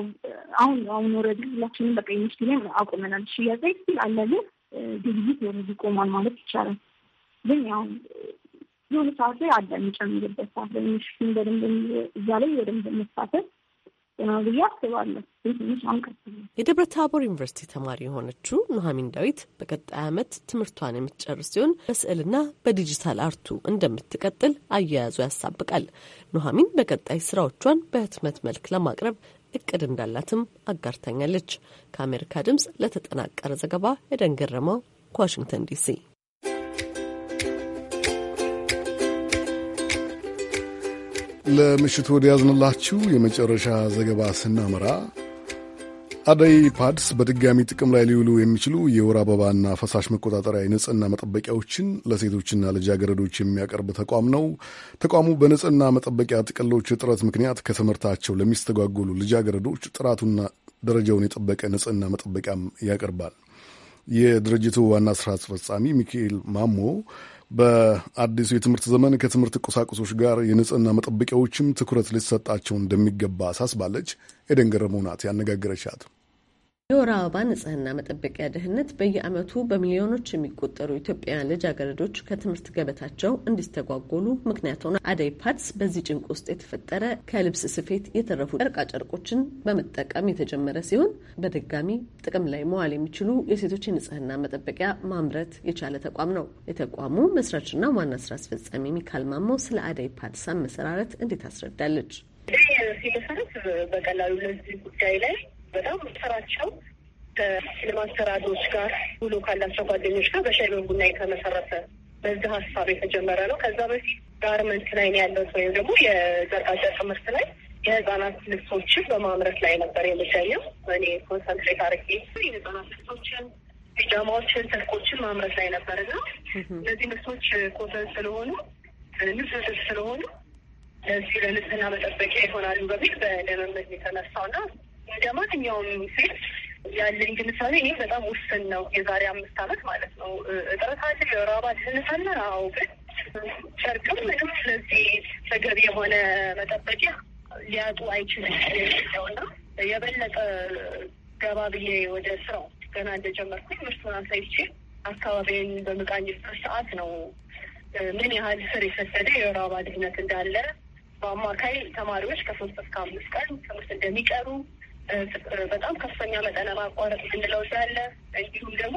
አሁን አሁን ወረድ ሁላችንም በቃ ኢንዱስትሪ አቁመናል። ሽያጭ ስል አለ ግን ግብይት ወረ ይቆማል ማለት ይቻላል። ግን ያው የሆነ ሰዓት ላይ አለ የሚጨምርበት ሰዓት ላይ ኢንዱስትሪ በደንብ እዛ ላይ በደንብ መሳተፍ ነው ብዬ አስባለሁ። የደብረ ታቦር ዩኒቨርሲቲ ተማሪ የሆነችው ኑሐሚን ዳዊት በቀጣይ ዓመት ትምህርቷን የምትጨርስ ሲሆን በስዕልና በዲጂታል አርቱ እንደምትቀጥል አያያዙ ያሳብቃል። ኑሐሚን በቀጣይ ስራዎቿን በህትመት መልክ ለማቅረብ እቅድ እንዳላትም አጋርታኛለች። ከአሜሪካ ድምፅ ለተጠናቀረ ዘገባ የደንገረመው ገረመው ከዋሽንግተን ዲሲ ለምሽቱ ወደ ያዝንላችሁ የመጨረሻ ዘገባ ስናመራ አደይ ፓድስ በድጋሚ ጥቅም ላይ ሊውሉ የሚችሉ የወር አበባና ፈሳሽ መቆጣጠሪያ የንጽህና መጠበቂያዎችን ለሴቶችና ልጃገረዶች የሚያቀርብ ተቋም ነው። ተቋሙ በንጽህና መጠበቂያ ጥቅሎች እጥረት ምክንያት ከትምህርታቸው ለሚስተጓጎሉ ልጃገረዶች ጥራቱና ደረጃውን የጠበቀ ንጽህና መጠበቂያም ያቀርባል። የድርጅቱ ዋና ስራ አስፈጻሚ ሚካኤል ማሞ በአዲሱ የትምህርት ዘመን ከትምህርት ቁሳቁሶች ጋር የንጽህና መጠበቂያዎችም ትኩረት ሊሰጣቸው እንደሚገባ አሳስባለች። ኤደን ገረመው ናት ያነጋገረቻት። የወር አበባ ንጽህና መጠበቂያ ድህነት በየዓመቱ በሚሊዮኖች የሚቆጠሩ ኢትዮጵያውያን ልጃገረዶች ከትምህርት ገበታቸው እንዲስተጓጎሉ ምክንያት ሆኗል። አደይ ፓትስ በዚህ ጭንቅ ውስጥ የተፈጠረ ከልብስ ስፌት የተረፉ ጨርቃጨርቆችን በመጠቀም የተጀመረ ሲሆን በድጋሚ ጥቅም ላይ መዋል የሚችሉ የሴቶች የንጽህና መጠበቂያ ማምረት የቻለ ተቋም ነው። የተቋሙ መስራችና ዋና ስራ አስፈጻሚ ሚካል ማማው ስለ አደይ ፓትስ አመሰራረት እንዴት አስረዳለች። ሲመሰረት በቀላሉ ለዚህ ጉዳይ ላይ በጣም ስራቸው ከልማት ተራድኦች ጋር ውሎ ካላቸው ጓደኞች ጋር በሻይ ቡና የተመሰረተ በዚህ ሀሳብ የተጀመረ ነው። ከዛ በፊት ጋርመንት ላይ ነው ያለው ወይም ደግሞ የዘርጋጃ ትምህርት ላይ የህጻናት ልብሶችን በማምረት ላይ ነበር የሚገኘው። እኔ ኮንሰንትሬት አድርጌ የህጻናት ልብሶችን፣ ፒጃማዎችን፣ ተልቆችን ማምረት ላይ ነበር እና እነዚህ ምርቶች ኮተን ስለሆኑ ንጹህ ስለሆኑ ለዚህ ለንጽህና መጠበቂያ ይሆናሉ በሚል በልምምድ የተነሳው እና እንደ ማንኛውም ሴት ያለኝ ግንዛቤ ይህ በጣም ውስን ነው። የዛሬ አምስት አመት ማለት ነው እጥረት አለ፣ የወር አበባ ድህነታለን። አዎ፣ ግን ጨርቅም ምንም ስለዚህ ተገቢ የሆነ መጠበቂያ ሊያጡ አይችልም እና የበለጠ ገባ ብዬ ወደ ስራው ገና እንደጀመርኩኝ ምርቱን አሳይቼ አካባቢን በምቃኝበት ሰዓት ነው ምን ያህል ስር የሰደደ የወር አበባ ድህነት እንዳለ በአማካይ ተማሪዎች ከሶስት እስከ አምስት ቀን ትምህርት እንደሚቀሩ በጣም ከፍተኛ መጠነ ማቋረጥ የምንለው እንዳለ እንዲሁም ደግሞ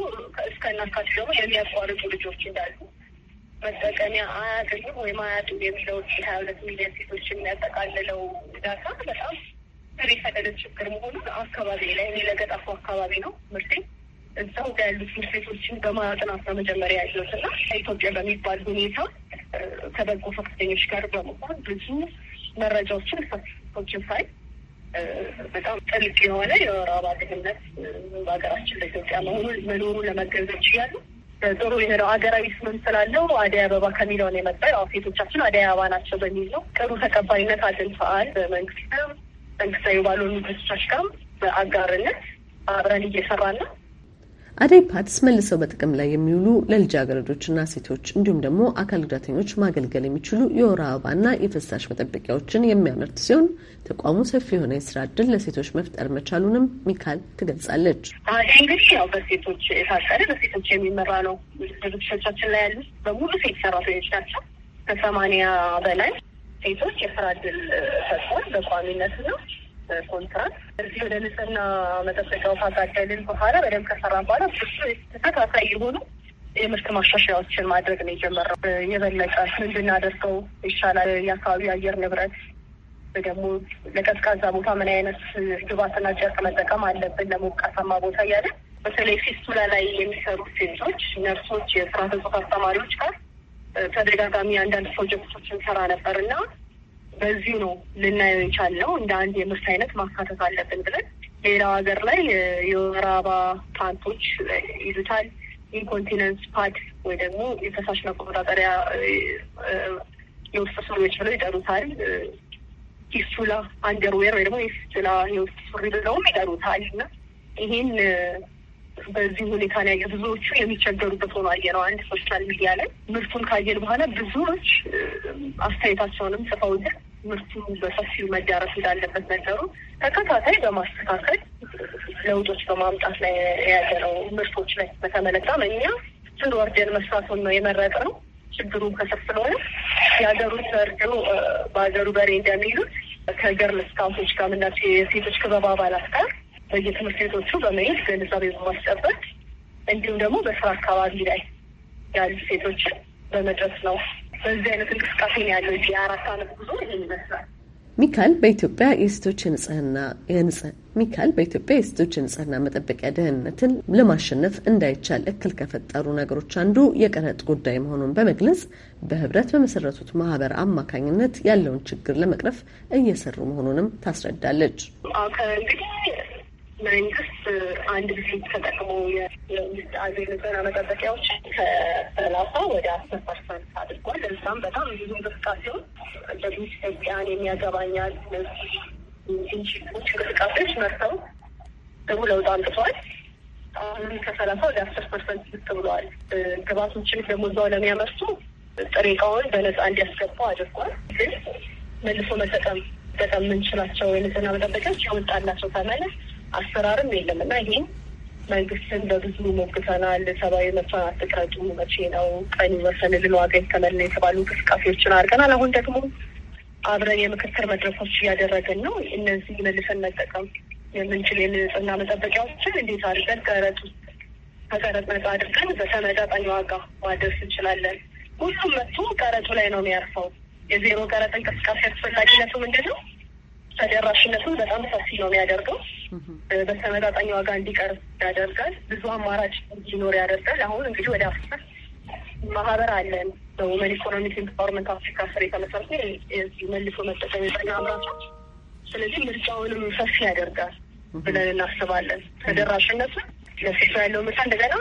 እስከ እናካቴ ደግሞ የሚያቋርጡ ልጆች እንዳሉ መጠቀሚያ አያገኙም ወይም አያጡ የሚለው ሀያ ሁለት ሚሊዮን ሴቶች የሚያጠቃልለው ዳታ በጣም ስር የሰደደ ችግር መሆኑን አካባቢ ላይ እኔ ለገጣፉ አካባቢ ነው ምርቴ እዛው ጋ ያሉት ትምህርት ቤቶችን በማጥናት ነው መጀመሪያ ያሉት እና ከኢትዮጵያ በሚባል ሁኔታ ከበጎ ፈቃደኞች ጋር በመሆን ብዙ መረጃዎችን ስታቲስቲኮችን ሳይ በጣም ጥልቅ የሆነ የወር አበባ ድህነት በሀገራችን በኢትዮጵያ መሆኑን መኖሩ ለመገንዘብ ችያሉ። ጥሩ የሆነው ሀገራዊ ስምም ስላለው አደይ አበባ ከሚለው ነው ያው ሴቶቻችን አደይ አበባ ናቸው በሚል ነው ጥሩ ተቀባይነት አግኝተዋል። በመንግስትም መንግስታዊ ባልሆኑ ድርጅቶች ጋርም በአጋርነት አብረን እየሰራን ነው። አደይ ፓድስ መልሰው በጥቅም ላይ የሚውሉ ለልጃገረዶችና ሴቶች እንዲሁም ደግሞ አካል ጉዳተኞች ማገልገል የሚችሉ የወር አበባና የፍሳሽ መጠበቂያዎችን የሚያመርት ሲሆን ተቋሙ ሰፊ የሆነ የስራ እድል ለሴቶች መፍጠር መቻሉንም ሚካል ትገልጻለች። እንግዲህ ያው በሴቶች የታቀደ በሴቶች የሚመራ ነው። ድርጅቶቻችን ላይ ያሉት በሙሉ ሴት ሰራተኞች ናቸው። ከሰማንያ በላይ ሴቶች የስራ እድል ፈጥሯል በቋሚነት ነው። ኮንትራት እዚህ ወደ ንጽህና መጠበቂያው ካጋደልን በኋላ በደንብ ከሰራን በኋላ ተከታታይ የሆኑ የምርት ማሻሻያዎችን ማድረግ ነው የጀመረው። የበለጠ እንድናደርገው ይሻላል። የአካባቢ አየር ንብረት ደግሞ ለቀዝቃዛ ቦታ ምን አይነት ግባትና ጨርቅ መጠቀም አለብን ለሞቃታማ ቦታ እያለ በተለይ ፊስቱላ ላይ የሚሰሩ ሴቶች፣ ነርሶች፣ የስራ ተጽት አስተማሪዎች ጋር ተደጋጋሚ አንዳንድ ፕሮጀክቶች እንሰራ ነበር እና በዚሁ ነው ልናየው የቻልነው። እንደ አንድ የምርት አይነት ማካተት አለብን ብለን ሌላው ሀገር ላይ የወር አበባ ፓንቶች ይሉታል ኢንኮንቲነንስ ፓድ ወይ ደግሞ የፈሳሽ መቆጣጠሪያ የውስጥ ሱሪዎች ብለው ይጠሩታል። ኢስቱላ አንደርዌር ወይ ደግሞ ኢስቱላ የውስጥ ሱሪ ብለውም ይጠሩታል እና ይህን በዚህ ሁኔታ ላይ ብዙዎቹ የሚቸገሩበት ሆኖ አየ ነው። አንድ ሶሻል ሚዲያ ላይ ምርቱን ካየን በኋላ ብዙዎች አስተያየታቸውንም ጽፈውልን ምርቱ በሰፊው መዳረስ እንዳለበት ነገሩ ተከታታይ በማስተካከል ለውጦች በማምጣት ላይ የያዘ ነው። ምርቶች ላይ በተመለከተም እኛ ስር ወርደን መስራቱን ነው የመረጠ ነው። ችግሩ ከስር ስለሆነ የሀገሩን ሰርዶ በሀገሩ በሬ እንደሚሉት ከገርል ስካውቶች ጋር ምናቸው የሴቶች ክበብ አባላት ጋር በየትምህርት ቤቶቹ በመሄድ ግንዛቤ በማስጨበጥ እንዲሁም ደግሞ በስራ አካባቢ ላይ ያሉ ሴቶችን በመድረስ ነው። በዚህ አይነት እንቅስቃሴ ነው ያለው እ የአራት አመት ጉዞ ይህን ይመስላል። ሚካኤል በኢትዮጵያ የሴቶች ንጽህና ሚካኤል በኢትዮጵያ የሴቶች ንጽህና መጠበቂያ ደህንነትን ለማሸነፍ እንዳይቻል እክል ከፈጠሩ ነገሮች አንዱ የቀረጥ ጉዳይ መሆኑን በመግለጽ በህብረት በመሰረቱት ማህበር አማካኝነት ያለውን ችግር ለመቅረፍ እየሰሩ መሆኑንም ታስረዳለች። እንግዲህ መንግስት አንድ ጊዜ ተጠቅሞ የአዜንዘና መጠበቂያዎች ከሰላሳ ወደ አስር ፐርሰንት አድርጓል። እዛም በጣም ብዙ እንቅስቃሴዎች እንደዚህ ኢትዮጵያን የሚያገባኛል እነዚህ ኢንሽዎች እንቅስቃሴዎች መርተው ደግሞ ለውጥ አምጥተዋል። አሁን ከሰላሳ ወደ አስር ፐርሰንት ዝቅ ብለዋል። ግባቶችን ደግሞ እዛው ለሚያመርቱ ጥሬ እቃውን በነጻ እንዲያስገባው አድርጓል። ግን መልሶ መጠቀም ጠቀም የምንችላቸው የንጽህና መጠበቂያዎች የወጣላቸው ተመለስ አሰራርም የለም እና ይህም መንግስትን በብዙ ሞግተናል። ሰብአዊ መብቷን አትቀጡ፣ መቼ ነው ቀን ይወሰንልን፣ ዋጋ ተመለ የተባሉ እንቅስቃሴዎችን አድርገናል። አሁን ደግሞ አብረን የምክክር መድረኮች እያደረግን ነው። እነዚህ መልሰን መጠቀም የምንችል የንጽህና መጠበቂያዎችን እንዴት አድርገን ቀረጡ ከቀረጥ ነጻ አድርገን በተመጣጣኝ ዋጋ ማድረስ እንችላለን። ሁሉም መጥቶ ቀረጡ ላይ ነው የሚያርፈው። የዜሮ ቀረጥ እንቅስቃሴ አስፈላጊነቱ ምንድን ነው? ተደራሽነቱን በጣም ሰፊ ነው የሚያደርገው። በተመጣጣኝ ዋጋ እንዲቀርብ ያደርጋል። ብዙ አማራጭ እንዲኖር ያደርጋል። አሁን እንግዲህ ወደ አፍሪካ ማህበር አለን በውመን ኢኮኖሚክ ኢምፓወርመንት አፍሪካ ስር የተመሰረተ የዚህ መልሶ መጠቀም የጠና አምራቻ። ስለዚህ ምርጫውንም ሰፊ ያደርጋል ብለን እናስባለን። ተደራሽነቱ ለስሱ ያለው ምርጫ እንደገና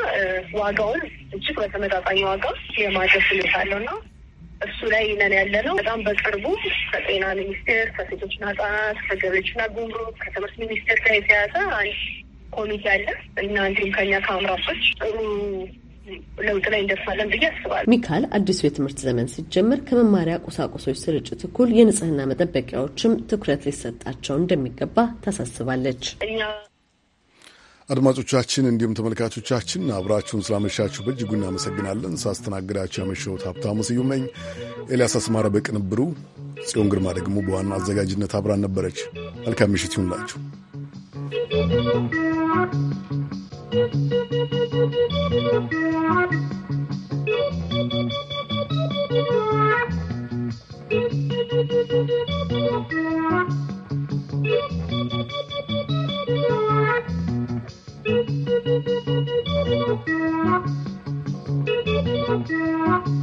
ዋጋውን እጅግ በተመጣጣኝ ዋጋ የማድረስ ሁኔታ አለው ና እሱ ላይ ነን ያለ ነው። በጣም በቅርቡ ከጤና ሚኒስቴር፣ ከሴቶችና ህጻናት፣ ከገቢዎችና ጉምሩክ፣ ከትምህርት ሚኒስቴር ጋር የተያዘ አንድ ኮሚቴ አለ እና እንዲሁም ከኛ ከአምራቾች ጥሩ ለውጥ ላይ እንደርሳለን ብዬ አስባለሁ። ሚካል አዲሱ የትምህርት ዘመን ሲጀምር ከመማሪያ ቁሳቁሶች ስርጭት እኩል የንጽህና መጠበቂያዎችም ትኩረት ሊሰጣቸው እንደሚገባ ታሳስባለች። እኛ አድማጮቻችን እንዲሁም ተመልካቾቻችን አብራችሁን ስላመሻችሁ በእጅጉ እናመሰግናለን። ሳስተናግዳችሁ ያመሸሁት ሀብታሙ ስዩም ነኝ። ኤልያስ አስማረ በቅንብሩ፣ ጽዮን ግርማ ደግሞ በዋና አዘጋጅነት አብራን ነበረች። መልካም ምሽት ይሁንላችሁ። Thank you.